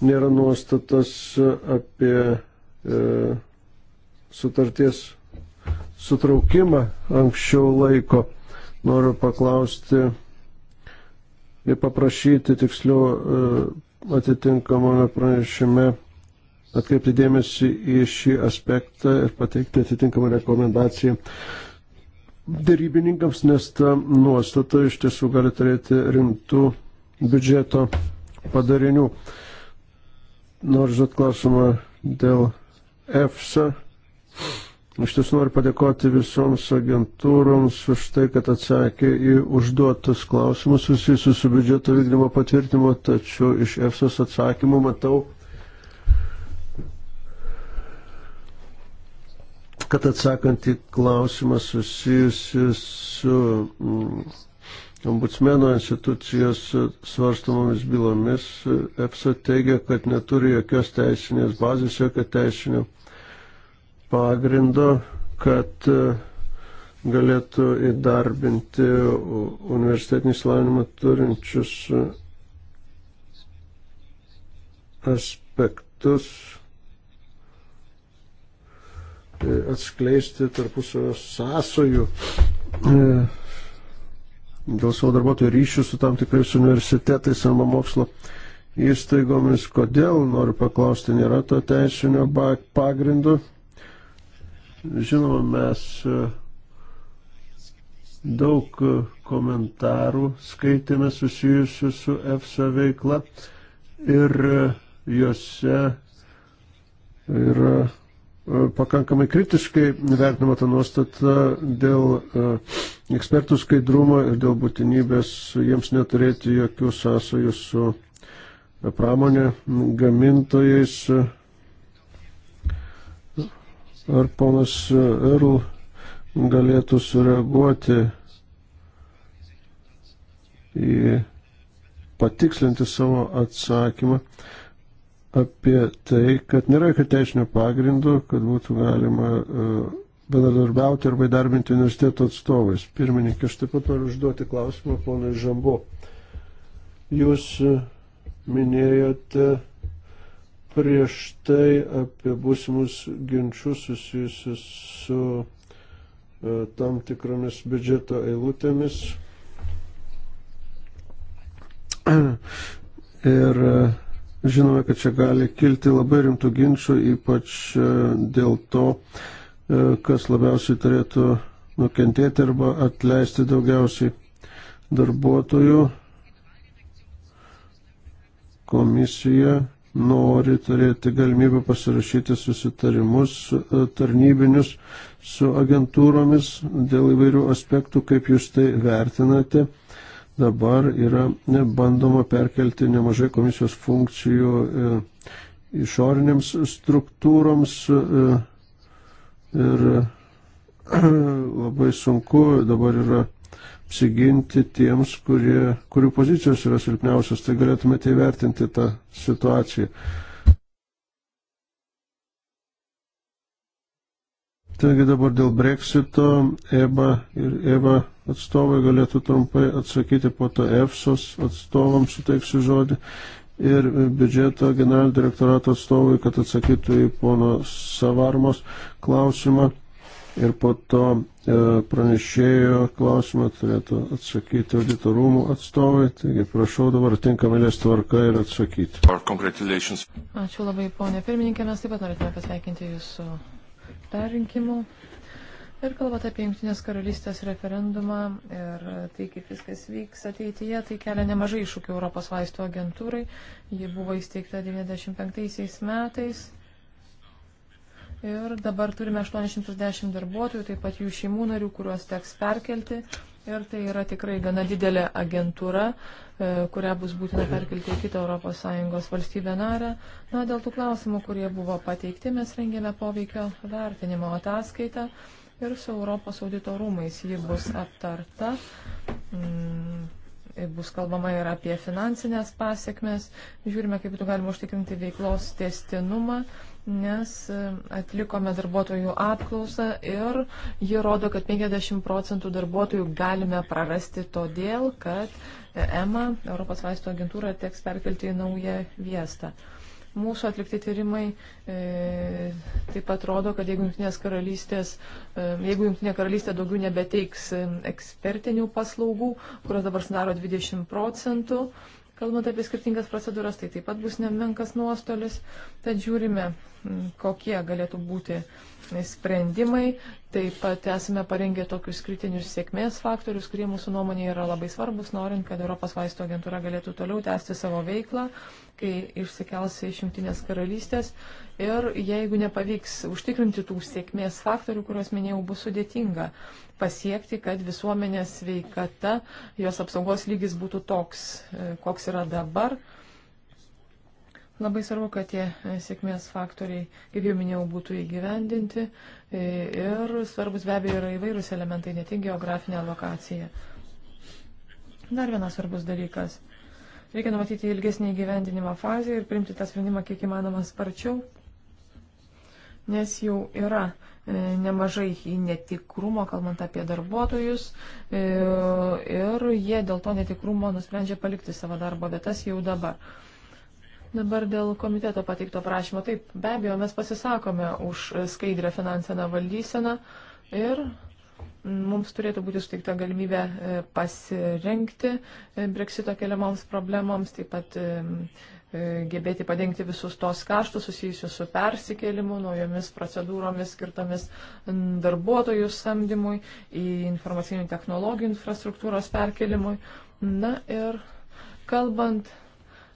nėra nuostatas apie e, sutarties sutraukimą anksčiau laiko. Noriu paklausti ir paprašyti tiksliau e, atitinkamame pranešime atkreipti dėmesį į šį aspektą ir pateikti atitinkamą rekomendaciją dėrybininkams, nes ta nuostata iš tiesų gali turėti rimtų biudžeto padarinių. Noriu žinot klausimą dėl EFSA. Iš tiesų noriu padėkoti visoms agentūroms už tai, kad atsakė į užduotus klausimus susijusius su biudžeto vykdymo patvirtinimu, tačiau iš EFSA atsakymų matau, kad atsakant į klausimą susijusi su mm, ombudsmeno institucijos svarstamomis bylomis, EPSA teigia, kad neturi jokios teisinės bazės, jokio teisinio pagrindo, kad e, galėtų įdarbinti universitetinį slavinimą turinčius aspektus E, atskleisti tarpusavio sąsojų e, dėl savo darbuotojų ryšių su tam tikrais universitetais arba mokslo įstaigomis. Kodėl, noriu paklausti, nėra to teisinio pagrindo. Žinoma, mes e, daug komentarų skaitėme susijusių su EFSA veikla ir juose yra pakankamai kritiškai vertinama ta nuostata dėl e, ekspertų skaidrumo ir dėl būtinybės jiems neturėti jokių sąsajų su e, pramonė gamintojais. Ar ponas Erl galėtų sureaguoti į patikslinti savo atsakymą? apie tai, kad nėra jokio teisinio pagrindo, kad būtų galima e, bendradarbiauti arba įdarbinti universiteto atstovais. Pirmininkė, aš taip pat noriu užduoti klausimą ponui Žambu. Jūs e, minėjote prieš tai apie būsimus ginčius susijusius su e, tam tikromis biudžeto eilutėmis. Ir uh, Žinome, kad čia gali kilti labai rimtų ginčių, ypač e, dėl to, e, kas labiausiai turėtų nukentėti arba atleisti daugiausiai darbuotojų. Komisija nori turėti galimybę pasirašyti susitarimus e, tarnybinius su agentūromis dėl įvairių aspektų, kaip jūs tai vertinate. Uh, dabar yra bandoma perkelti nemažai komisijos funkcijų e, išorinėms struktūroms e, ir e, labai sunku dabar yra apsiginti tiems, kurie, kurių pozicijos yra silpniausios, tai galėtumėte įvertinti tai tą situaciją. Taigi dabar dėl breksito EBA ir EBA atstovai galėtų trumpai atsakyti po to EFSOS atstovams suteiksiu žodį ir biudžeto generalinio direktorato atstovai, kad atsakytų į pono Savarmos klausimą ir po to e, pranešėjo klausimą turėtų atsakyti auditorumų atstovai. Taigi prašau dabar tinkamėlės tvarka ir atsakyti. Ačiū labai, ponė pirmininkė, mes taip pat norėtume pasveikinti jūsų perrinkimo. Ir kalbant apie Junktinės karalystės referendumą ir tai, kaip viskas vyks ateityje, tai kelia nemažai iššūkių Europos vaistų agentūrai. Ji buvo įsteigta 95 metais. Ir dabar turime 810 darbuotojų, taip pat jų šeimų narių, kuriuos teks perkelti. Ir tai yra tikrai gana didelė agentūra, e, kurią bus būtina perkelti į kitą ES valstybę narę. Na, dėl tų klausimų, kurie buvo pateikti, mes rengėme poveikio vertinimo ataskaitą ir su Europos audito rūmais ji bus aptarta. Mm, bus kalbama ir apie finansinės pasiekmes. Žiūrime, kaip būtų galima užtikrinti veiklos testinumą nes e, atlikome darbuotojų apklausą ir ji rodo, kad 50 procentų darbuotojų galime prarasti todėl, kad EMA, Europos vaisto agentūra, teks perkelti į naują viestą. Mūsų atlikti tyrimai e, taip pat rodo, kad jeigu Junktinės karalystės, e, jeigu Junktinė karalystė daugiau nebeteiks e, ekspertinių paslaugų, kurios dabar sudaro 20 procentų, e, Kalbant apie skirtingas procedūras, tai taip pat bus nemenkas nuostolis, tad žiūrime, mm, kokie galėtų būti sprendimai. Taip pat esame parengę tokius kritinius sėkmės faktorius, kurie mūsų nuomonė yra labai svarbus, norint, kad Europos vaisto agentūra galėtų toliau tęsti savo veiklą, kai išsikelsi iš Junktinės karalystės. Ir jeigu nepavyks užtikrinti tų sėkmės faktorių, kuriuos minėjau, bus sudėtinga pasiekti, kad visuomenės veikata, jos apsaugos lygis būtų toks, e, koks yra dabar Labai svarbu, kad tie e, sėkmės faktoriai, kaip jau minėjau, būtų įgyvendinti e, ir svarbus be abejo yra įvairūs elementai, ne tik geografinė lokacija. Dar vienas svarbus dalykas. Reikia numatyti ilgesnį įgyvendinimo fazę ir priimti tą sprendimą kiek įmanoma sparčiau, nes jau yra e, nemažai netikrumo, kalbant apie darbuotojus, ir jie dėl to netikrumo nusprendžia palikti savo darbo vietas jau dabar. Dabar dėl komiteto pateikto prašymo. Taip, be abejo, mes pasisakome už skaidrę finansinę valdyseną ir mums turėtų būti suteikta galimybė e, pasirenkti e, breksito keliamoms problemoms, taip pat e, gebėti padengti visus tos kaštus susijusius su persikėlimu, naujomis procedūromis skirtomis darbuotojų samdymui, į informacinių technologijų infrastruktūros perkelimui. Na ir kalbant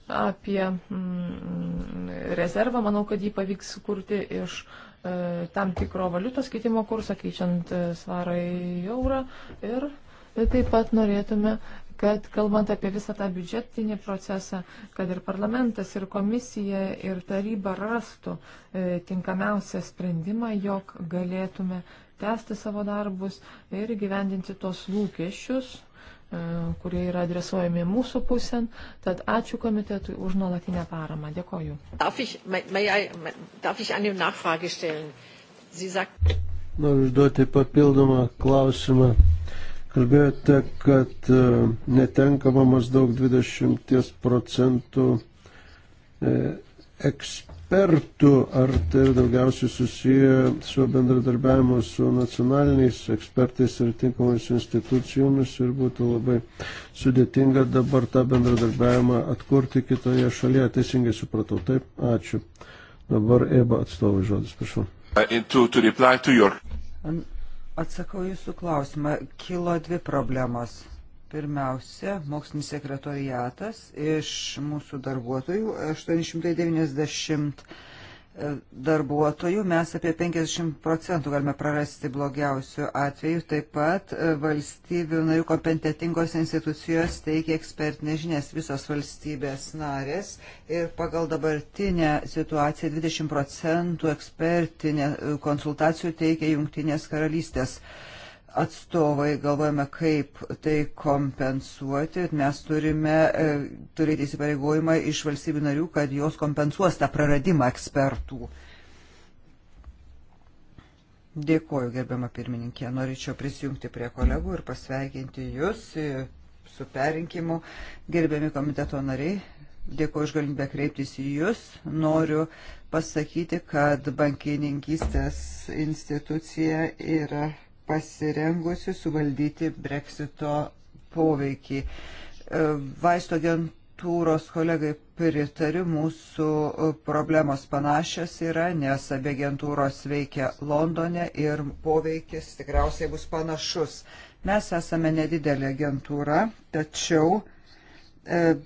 apie mm, rezervą, manau, kad jį pavyks sukurti iš e, tam tikro valiutos keitimo kurso, keičiant e, svarą į eurą. Ir taip pat norėtume, kad kalbant apie visą tą biudžetinį procesą, kad ir parlamentas, ir komisija, ir taryba rastų e, tinkamiausią sprendimą, jog galėtume tęsti savo darbus ir gyvendinti tos lūkesčius E, kurie yra adresuojami mūsų pusėn. Tad ačiū komitetui už nuolatinę paramą. Dėkoju. Noriu užduoti papildomą klausimą. Kalbėjote, kad e, netenkama maždaug 20 procentų e, eks ekspertų, ar tai daugiausiai susiję su bendradarbiavimu su nacionaliniais ekspertais ir tinkamais institucijomis ir būtų labai sudėtinga dabar tą bendradarbiavimą atkurti kitoje šalyje. Teisingai supratau, taip, ačiū. Dabar EBA atstovai žodis, prašau. Uh, to, to your... Atsakau jūsų klausimą. Kilo dvi problemos Pirmiausia, mokslinis sekretoriatas iš mūsų darbuotojų, 890 e, darbuotojų, mes apie 50 procentų galime prarasti blogiausių atvejų. Taip pat e, valstybių narių kompetentingos institucijos teikia ekspertinės žinias visos valstybės narės ir pagal dabartinę situaciją 20 procentų ekspertinė e, konsultacijų teikia Jungtinės karalystės. Uh, atstovai galvojame, kaip tai kompensuoti. Mes turime e, turėti įsipareigojimą iš valstybių narių, kad jos kompensuos tą praradimą ekspertų. Dėkuoju, gerbiama pirmininkė. Norėčiau prisijungti prie kolegų ir pasveikinti jūs e, su perinkimu. Gerbiami komiteto nariai, dėkuoju už galimybę kreiptis į jūs. Noriu pasakyti, kad bankininkystės institucija yra pasirengusi suvaldyti breksito poveikį. E, Vaisto agentūros kolegai pritariu, mūsų problemos panašios yra, nes abi agentūros veikia Londone ir poveikis tikriausiai bus panašus. Mes esame nedidelė agentūra, tačiau e,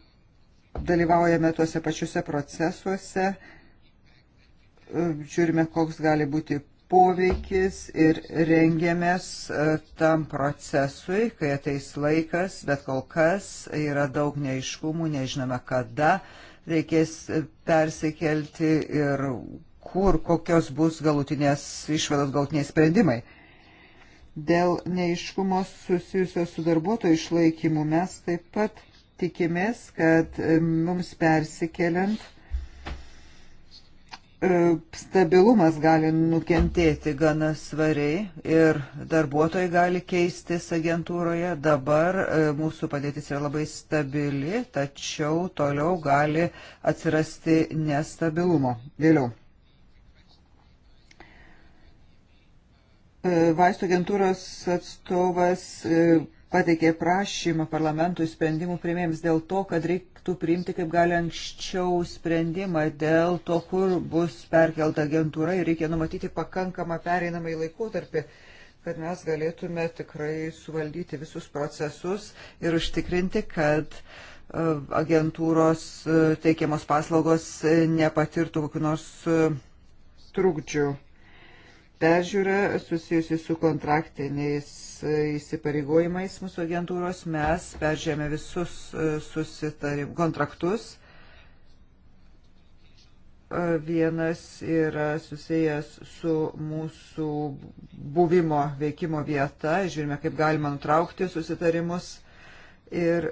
dalyvaujame tuose pačiuose procesuose, e, žiūrime, koks gali būti poveikis ir rengiamės e, tam procesui, kai ateis laikas, bet kol kas yra daug neiškumų, nežinome kada reikės e, persikelti ir kur, kokios bus galutinės išvados, galutiniai sprendimai. Dėl neiškumo susijusios su darbuotojų išlaikymu mes taip pat tikimės, kad e, mums persikeliant E, stabilumas gali nukentėti gana svariai ir darbuotojai gali keistis agentūroje. Dabar e, mūsų padėtis yra labai stabili, tačiau toliau gali atsirasti nestabilumo. Vėliau. E, vaistų agentūros atstovas pateikė prašymą parlamentui sprendimų prieimėjams dėl to, kad reiktų priimti kaip gali anksčiau sprendimą dėl to, kur bus perkelta agentūra ir reikia numatyti pakankamą pereinamą į laikotarpį kad mes galėtume tikrai suvaldyti visus procesus ir užtikrinti, kad e, agentūros e, teikiamos paslaugos nepatirtų kokiu nors e, trukdžiu. Peržiūra susijusi su kontraktiniais įsipareigojimais mūsų agentūros mes peržėmė visus e, susitarim kontraktus. E, vienas yra susijęs su mūsų buvimo veikimo vieta, žiūrime, kaip galima nutraukti susitarimus. Ir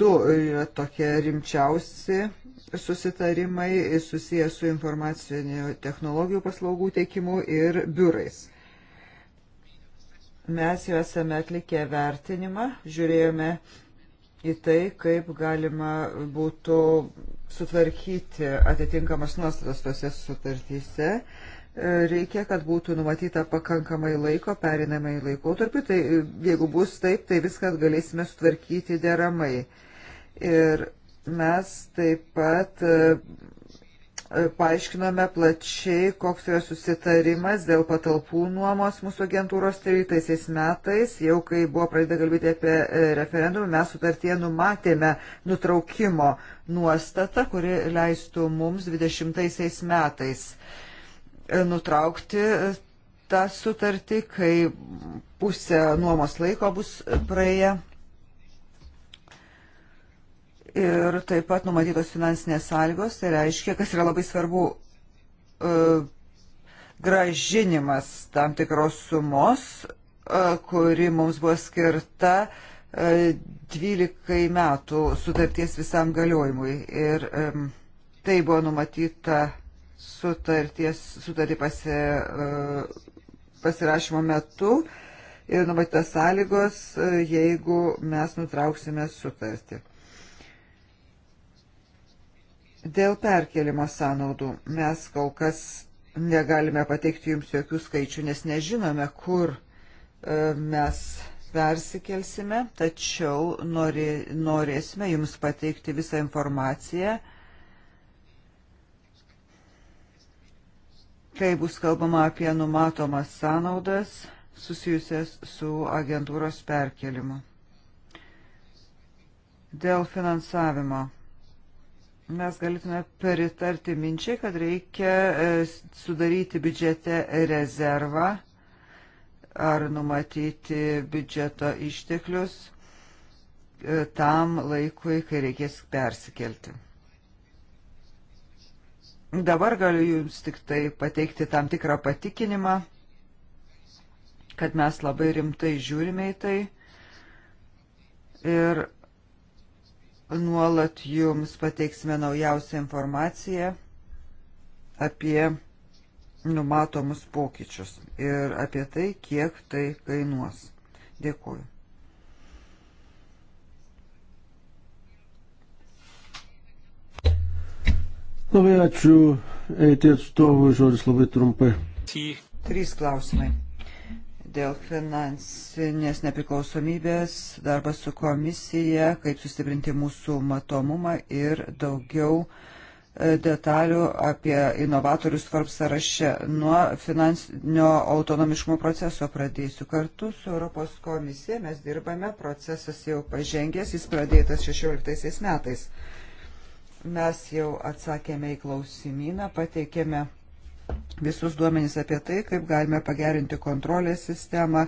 du yra tokie rimčiausi susitarimai susijęs su informacinių technologijų paslaugų teikimu ir biurais. Mes jau esame atlikę vertinimą, žiūrėjome į tai, kaip galima būtų sutvarkyti atitinkamas nuostatas tose sutartyse. E, Reikia, kad būtų numatyta pakankamai laiko, perinamai laikotarpį, tai e, jeigu bus taip, tai viską galėsime sutvarkyti deramai. Ir mes taip pat e, paaiškinome plačiai, koks yra susitarimas dėl patalpų nuomos mūsų agentūros 13 metais. Jau kai buvo pradėta kalbėti apie e, referendumą, mes sutartie numatėme nutraukimo nuostatą, kuri leistų mums 20 metais e, nutraukti e, tą sutartį, kai pusę nuomos laiko bus praėję ir taip pat numatytos finansinės sąlygos, tai reiškia, kas yra labai svarbu, e, gražinimas tam tikros sumos, e, kuri mums buvo skirta e, 12 metų sutarties visam galiojimui. Ir e, tai buvo numatyta sutarties, sutartį pasi, e, pasirašymo metu. Ir numatytas sąlygos, e, jeigu mes nutrauksime sutartį. Dėl perkelimo sąnaudų mes kol kas negalime pateikti jums jokių skaičių, nes nežinome, kur e, mes persikelsime, tačiau nori, norėsime jums pateikti visą informaciją, kai bus kalbama apie numatomas sąnaudas susijusias su agentūros perkelimu. Dėl finansavimo mes galėtume pritarti minčiai, kad reikia e, sudaryti biudžete rezervą ar numatyti biudžeto išteklius e, tam laikui, kai reikės persikelti. Dabar galiu Jums tik tai pateikti tam tikrą patikinimą, kad mes labai rimtai žiūrime į tai ir Nuolat jums pateiksime naujausią informaciją apie numatomus pokyčius ir apie tai, kiek tai kainuos. Dėkuoju. Labai ačiū, eiti atstovų žodis labai trumpai. Trys klausimai dėl finansinės nepriklausomybės, darbas su komisija, kaip sustiprinti mūsų matomumą ir daugiau e, detalių apie inovatorius Forbes sąraše. Nuo finansinio autonomiškumo proceso pradėsiu. Kartu su Europos komisija mes dirbame, procesas jau pažengęs, jis pradėtas 16 metais. Mes jau atsakėme į klausimyną, pateikėme visus duomenys apie tai, kaip galime pagerinti kontrolės sistemą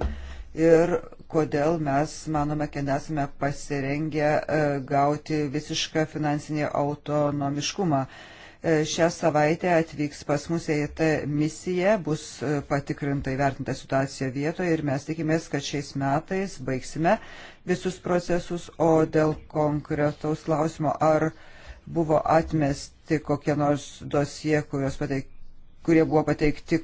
ir kodėl mes manome, kad nesame pasirengę e, gauti visišką finansinį autonomiškumą. E, šią savaitę atvyks pas mus EIT misija, bus e, patikrinta įvertinta situacija vietoje ir mes tikimės, kad šiais metais baigsime visus procesus, o dėl konkretaus klausimo, ar buvo atmesti kokie nors dosie, kuriuos pateikė kurie buvo pateikti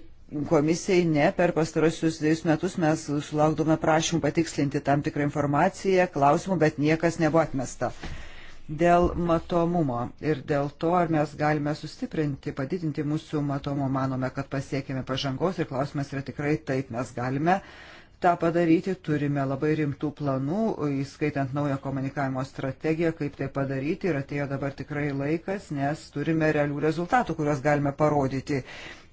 komisijai, ne, per pastarosius dviejus metus mes sulaukdome prašymų patikslinti tam tikrą informaciją, klausimų, bet niekas nebuvo atmesta. Dėl matomumo ir dėl to, ar mes galime sustiprinti, padidinti mūsų matomumą, manome, kad pasiekėme pažangos ir klausimas yra tikrai taip, mes galime uh, tą padaryti, turime labai rimtų planų, įskaitant naują komunikavimo strategiją, kaip tai padaryti ir atėjo dabar tikrai laikas, nes turime realių rezultatų, kuriuos galime parodyti.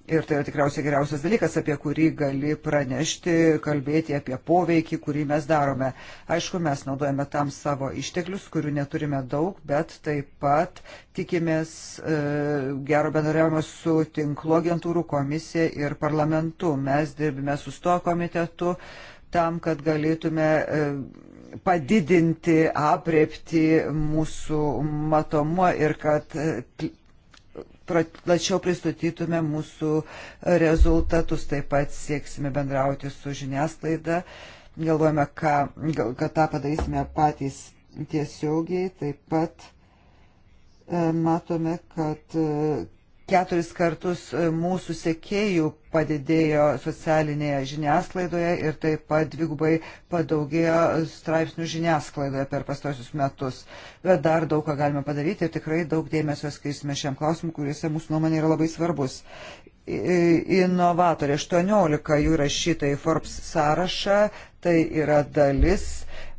Ir tai yra tikriausiai geriausias dalykas, apie kurį gali pranešti, kalbėti apie poveikį, kurį mes darome. Aišku, mes naudojame tam savo išteklius, kurių neturime daug, bet taip pat tikimės e, gero bendarbiavimo su tinklo agentūrų komisija ir parlamentu. Mes dirbime su sto komitetu tam, kad galėtume. E, padidinti apriepti mūsų matomo ir kad plačiau pristatytume mūsų rezultatus, taip pat sieksime bendrauti su žiniasklaida, galvojame, ką, gal, kad tą padarysime patys tiesiogiai, taip pat e, matome, kad e, keturis kartus e, mūsų sekėjų padidėjo socialinėje žiniasklaidoje ir taip pat dvigubai padaugėjo straipsnių žiniasklaidoje per pastosius metus. Bet dar daug ką galime padaryti ir tikrai daug dėmesio skirsime šiam klausimui, kuris mūsų nuomonė yra labai svarbus. Inovatoriai 18 jų rašyta į Forbes sąrašą, tai yra dalis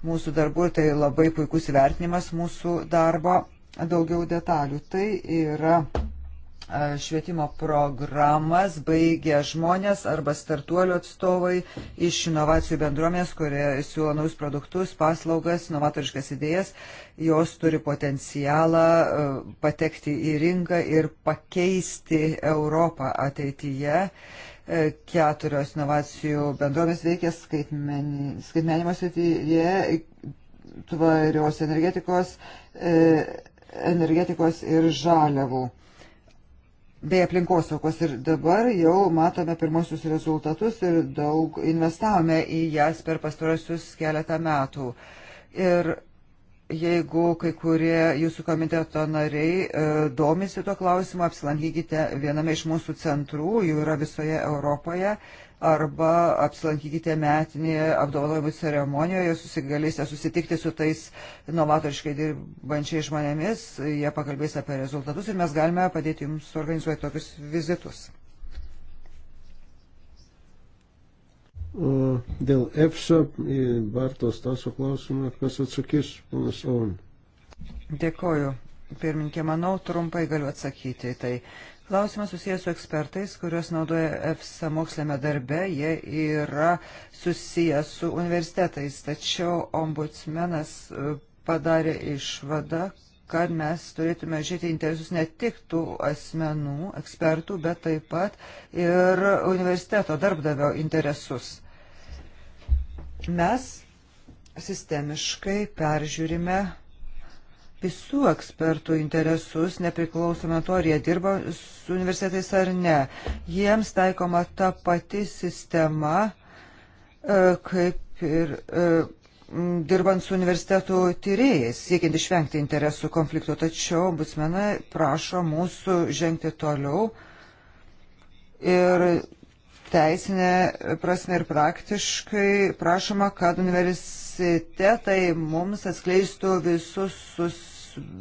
mūsų darbų ir tai labai puikus įvertinimas mūsų darbo. Daugiau detalių. Tai yra švietimo programas baigia žmonės arba startuolių atstovai iš inovacijų bendruomenės, kurie siūlo naujus produktus, paslaugas, novatoriškas idėjas. Jos turi potencialą patekti į rinką ir pakeisti Europą ateityje. Keturios inovacijų bendrovės veikia skaitmenimo srityje, tvarios energetikos, e, energetikos ir žaliavų bei aplinkosaugos. Ir dabar jau matome pirmosius rezultatus ir daug investavome į jas per pastarosius keletą metų. Ir jeigu kai kurie jūsų komiteto nariai e, domisi tuo klausimu, apsilankykite viename iš mūsų centrų, jų yra visoje Europoje arba apsilankykite metinėje apdovanojimų ceremonijoje, susigalėsite susitikti su tais novatoriškai dirbančiai žmonėmis, jie pakalbės apie rezultatus ir mes galime padėti jums organizuoti tokius vizitus. O dėl EFSA į Bartos Taso klausimą, kas atsakys, ponas Oven? Dėkoju. Pirminkė, manau, trumpai galiu atsakyti. Tai Klausimas susijęs su ekspertais, kuriuos naudoja EFSA mokslėme darbe, jie yra susijęs su universitetais, tačiau ombudsmenas e, padarė išvadą, kad mes turėtume žiūrėti interesus ne tik tų asmenų, ekspertų, bet taip pat ir universiteto darbdavio interesus. Mes sistemiškai peržiūrime visų ekspertų interesus, nepriklausomai to, ar jie dirba su universitetais ar ne. Jiems taikoma ta pati sistema, e, kaip ir e, dirbant su universitetų tyrėjais, siekiant išvengti interesų konflikto. Tačiau ombudsmenai prašo mūsų žengti toliau ir teisinė prasme ir praktiškai prašoma, kad universitetai mums atskleistų visus sus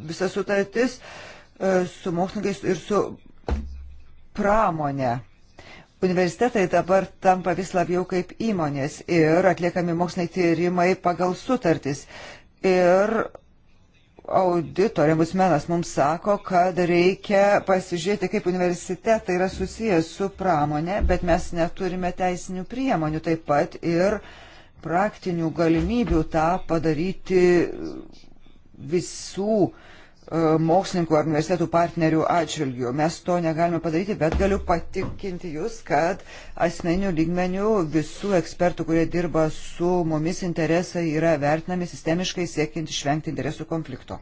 visas sutartis e, su mokslininkais ir su pramonė. Universitetai dabar tampa vis labiau kaip įmonės ir atliekami moksliniai tyrimai pagal sutartis. Ir auditoriamus menas mums sako, kad reikia pasižiūrėti, kaip universitetai yra susijęs su pramonė, bet mes neturime teisinių priemonių taip pat ir praktinių galimybių tą padaryti visų e, mokslininkų ar universitetų partnerių atžvilgių. Mes to negalime padaryti, bet galiu patikinti Jūs, kad asmeninių lygmenių visų ekspertų, kurie dirba su mumis interesai, yra vertinami sistemiškai siekiant išvengti interesų konflikto.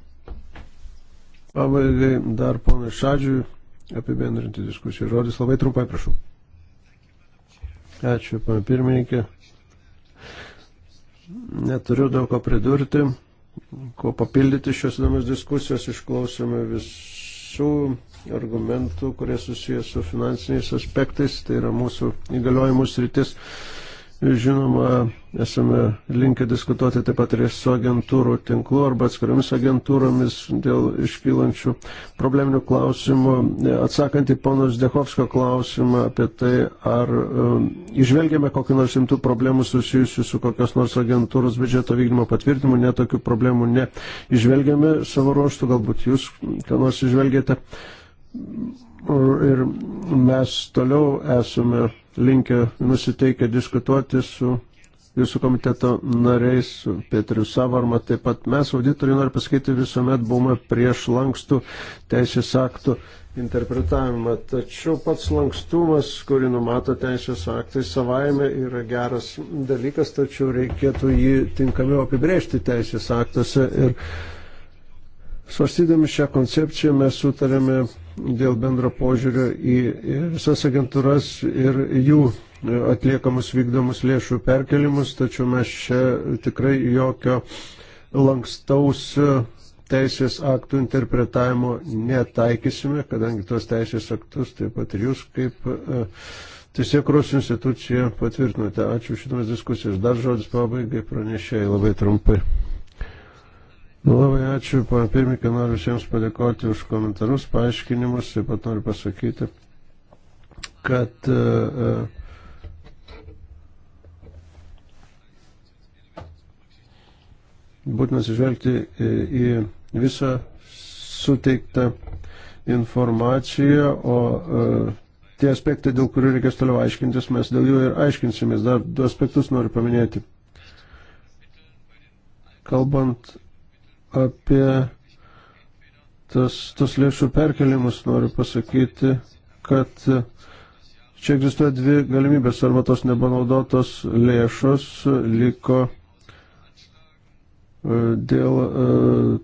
Pabaigai dar ponai Šadžiui apibendrinti diskusiją. Žodis labai trumpai, prašau. Ačiū, pana pirmininkė. Neturiu daug ko pridurti ko papildyti šios įdomios diskusijos, išklausėme visų argumentų, kurie susijęs su finansiniais aspektais, tai yra mūsų įgaliojimų sritis. Žinoma, esame linkę diskutuoti taip pat ir su agentūrų tinklu arba atskiriomis agentūromis dėl iškylančių probleminių klausimų. Atsakant į ponos Dehovskio klausimą apie tai, ar um, išvelgiame kokį nors rimtų problemų susijusių su kokios nors agentūros biudžeto vykdymo patvirtimu, netokių problemų ne. Išvelgiame savo ruoštų, galbūt jūs ką nors išvelgėte. Ir mes toliau esame linkę nusiteikę diskutuoti su jūsų komiteto nariais, Petriu Savarma, taip pat mes, auditoriai, noriu pasakyti, visuomet buvome prieš lankstų teisės aktų interpretavimą. Tačiau pats lankstumas, kurį numato teisės aktai, savaime yra geras dalykas, tačiau reikėtų jį tinkamiau apibrėžti teisės aktuose ir Svarstydami šią koncepciją mes sutarėme dėl bendro požiūrio į visas agentūras ir jų atliekamus vykdomus lėšų perkelimus, tačiau mes čia tikrai jokio lankstaus teisės aktų interpretavimo netaikysime, kadangi tos teisės aktus taip pat ir jūs kaip e, Teisėkros institucija patvirtinote. Ačiū šitomis diskusijos. Dar žodis pabaigai pranešėjai labai trumpai. Labai ačiū, pana pirmininkė, noriu visiems padėkoti už komentarus, paaiškinimus, taip pat noriu pasakyti, kad e, e, būtina atsižvelgti e, į visą suteiktą informaciją, o tie aspektai, dėl kurių reikės toliau aiškintis, mes dėl jų ir aiškinsimės. Dar du aspektus noriu paminėti. Kalbant apie tas, tas lėšų perkelimus, noriu pasakyti, kad Čia egzistuoja dvi galimybės, arba tos nebanaudotos lėšos liko e, dėl e,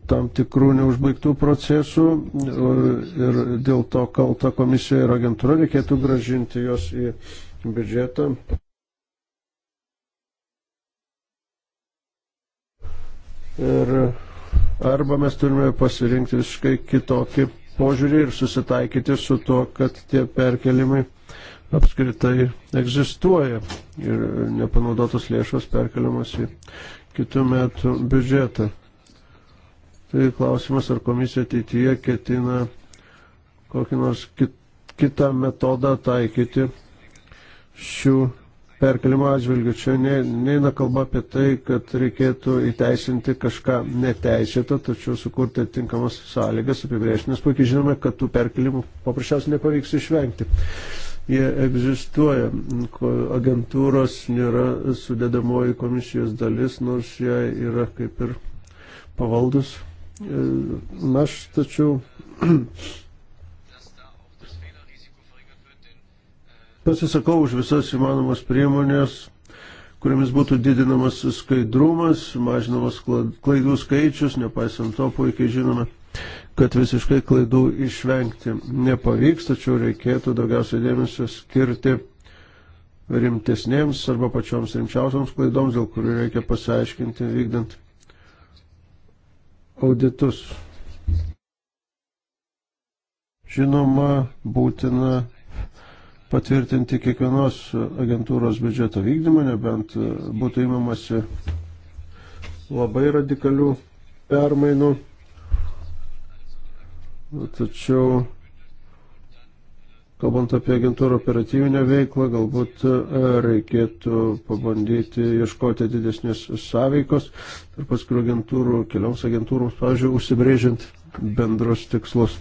tam tikrų neužbaigtų procesų ir dėl to kalta komisija ir agentūra reikėtų gražinti jos į biudžetą. Ir arba mes turime pasirinkti visiškai kitokį požiūrį ir susitaikyti su tuo, kad tie perkelimai apskritai egzistuoja ir nepanaudotos lėšos perkeliamas į kitų metų biudžetą. Tai klausimas, ar komisija ateityje ketina kokį nors kit, kitą metodą taikyti šių perkelimo atžvilgių. Čia ne, neina kalba apie tai, kad reikėtų įteisinti kažką neteisėto, tačiau sukurti tinkamas sąlygas apibrėžti, nes puikiai žinome, kad tų perkelimų paprasčiausiai nepavyks išvengti. Jie egzistuoja, agentūros nėra sudėdamoji komisijos dalis, nors jie yra kaip ir pavaldus. E, aš tačiau Pasisakau už visas įmanomas priemonės, kuriamis būtų didinamas skaidrumas, mažinamas klaidų skaičius, nepaisant to puikiai žinome, kad visiškai klaidų išvengti nepavyks, tačiau reikėtų daugiausiai dėmesio skirti rimtesnėms arba pačioms rimčiausiams klaidoms, dėl kurių reikia pasiaiškinti vykdant auditus. Žinoma, būtina patvirtinti kiekvienos agentūros biudžeto vykdymą, nebent e, būtų įmamasi labai radikalių permainų. Tačiau, kalbant apie agentūrų operatyvinę veiklą, galbūt e, reikėtų pabandyti ieškoti didesnės sąveikos tarp paskirų agentūrų, kelioms agentūroms, pavyzdžiui, užsibrėžiant bendrus tikslus.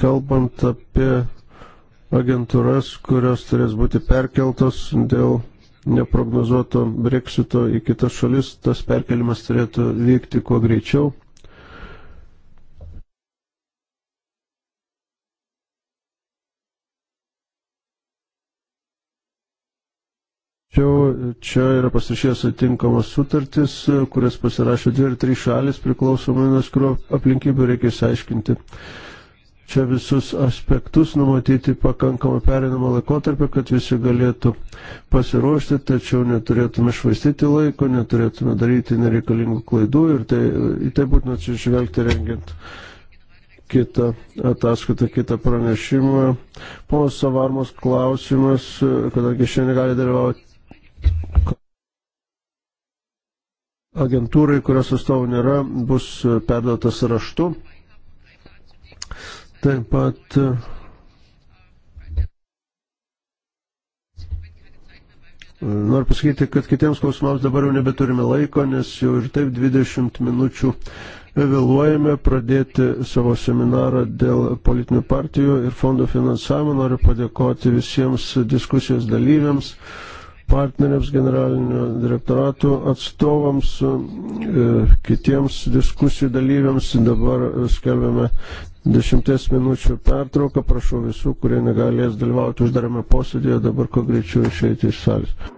Kalbant apie agentūras, kurios turės būti perkeltos dėl neprognozuoto breksito į kitas šalis, tas perkelimas turėtų vykti kuo greičiau. Tačiau čia yra pasirašęs atinkamos sutartys, kurias pasirašė dvi ar trys šalis priklausomai nuo skruo aplinkybių reikia įsiaiškinti čia visus aspektus numatyti pakankamą perinamą laikotarpį, kad visi galėtų pasiruošti, tačiau neturėtume švaistyti laiko, neturėtume daryti nereikalingų klaidų ir tai, tai būtina atsižvelgti rengiant kitą ataskaitą, kitą pranešimą. Pono Savarmos klausimas, kadangi šiandien gali dalyvauti agentūrai, kurios atstovų nėra, bus perduotas raštu. Taip pat Noriu pasakyti, kad kitiems klausimams dabar jau nebeturime laiko, nes jau ir taip 20 minučių vėluojame pradėti savo seminarą dėl politinių partijų ir fondo finansavimo. Noriu padėkoti visiems diskusijos dalyviams, partneriams, generalinio direktorato atstovams, e, kitiems diskusijų dalyviams. Dabar skelbiame Dešimties minučių pertrauką prašau visų, kurie negalės dalyvauti uždarame posėdėje, dabar kuo greičiau išeiti iš salės.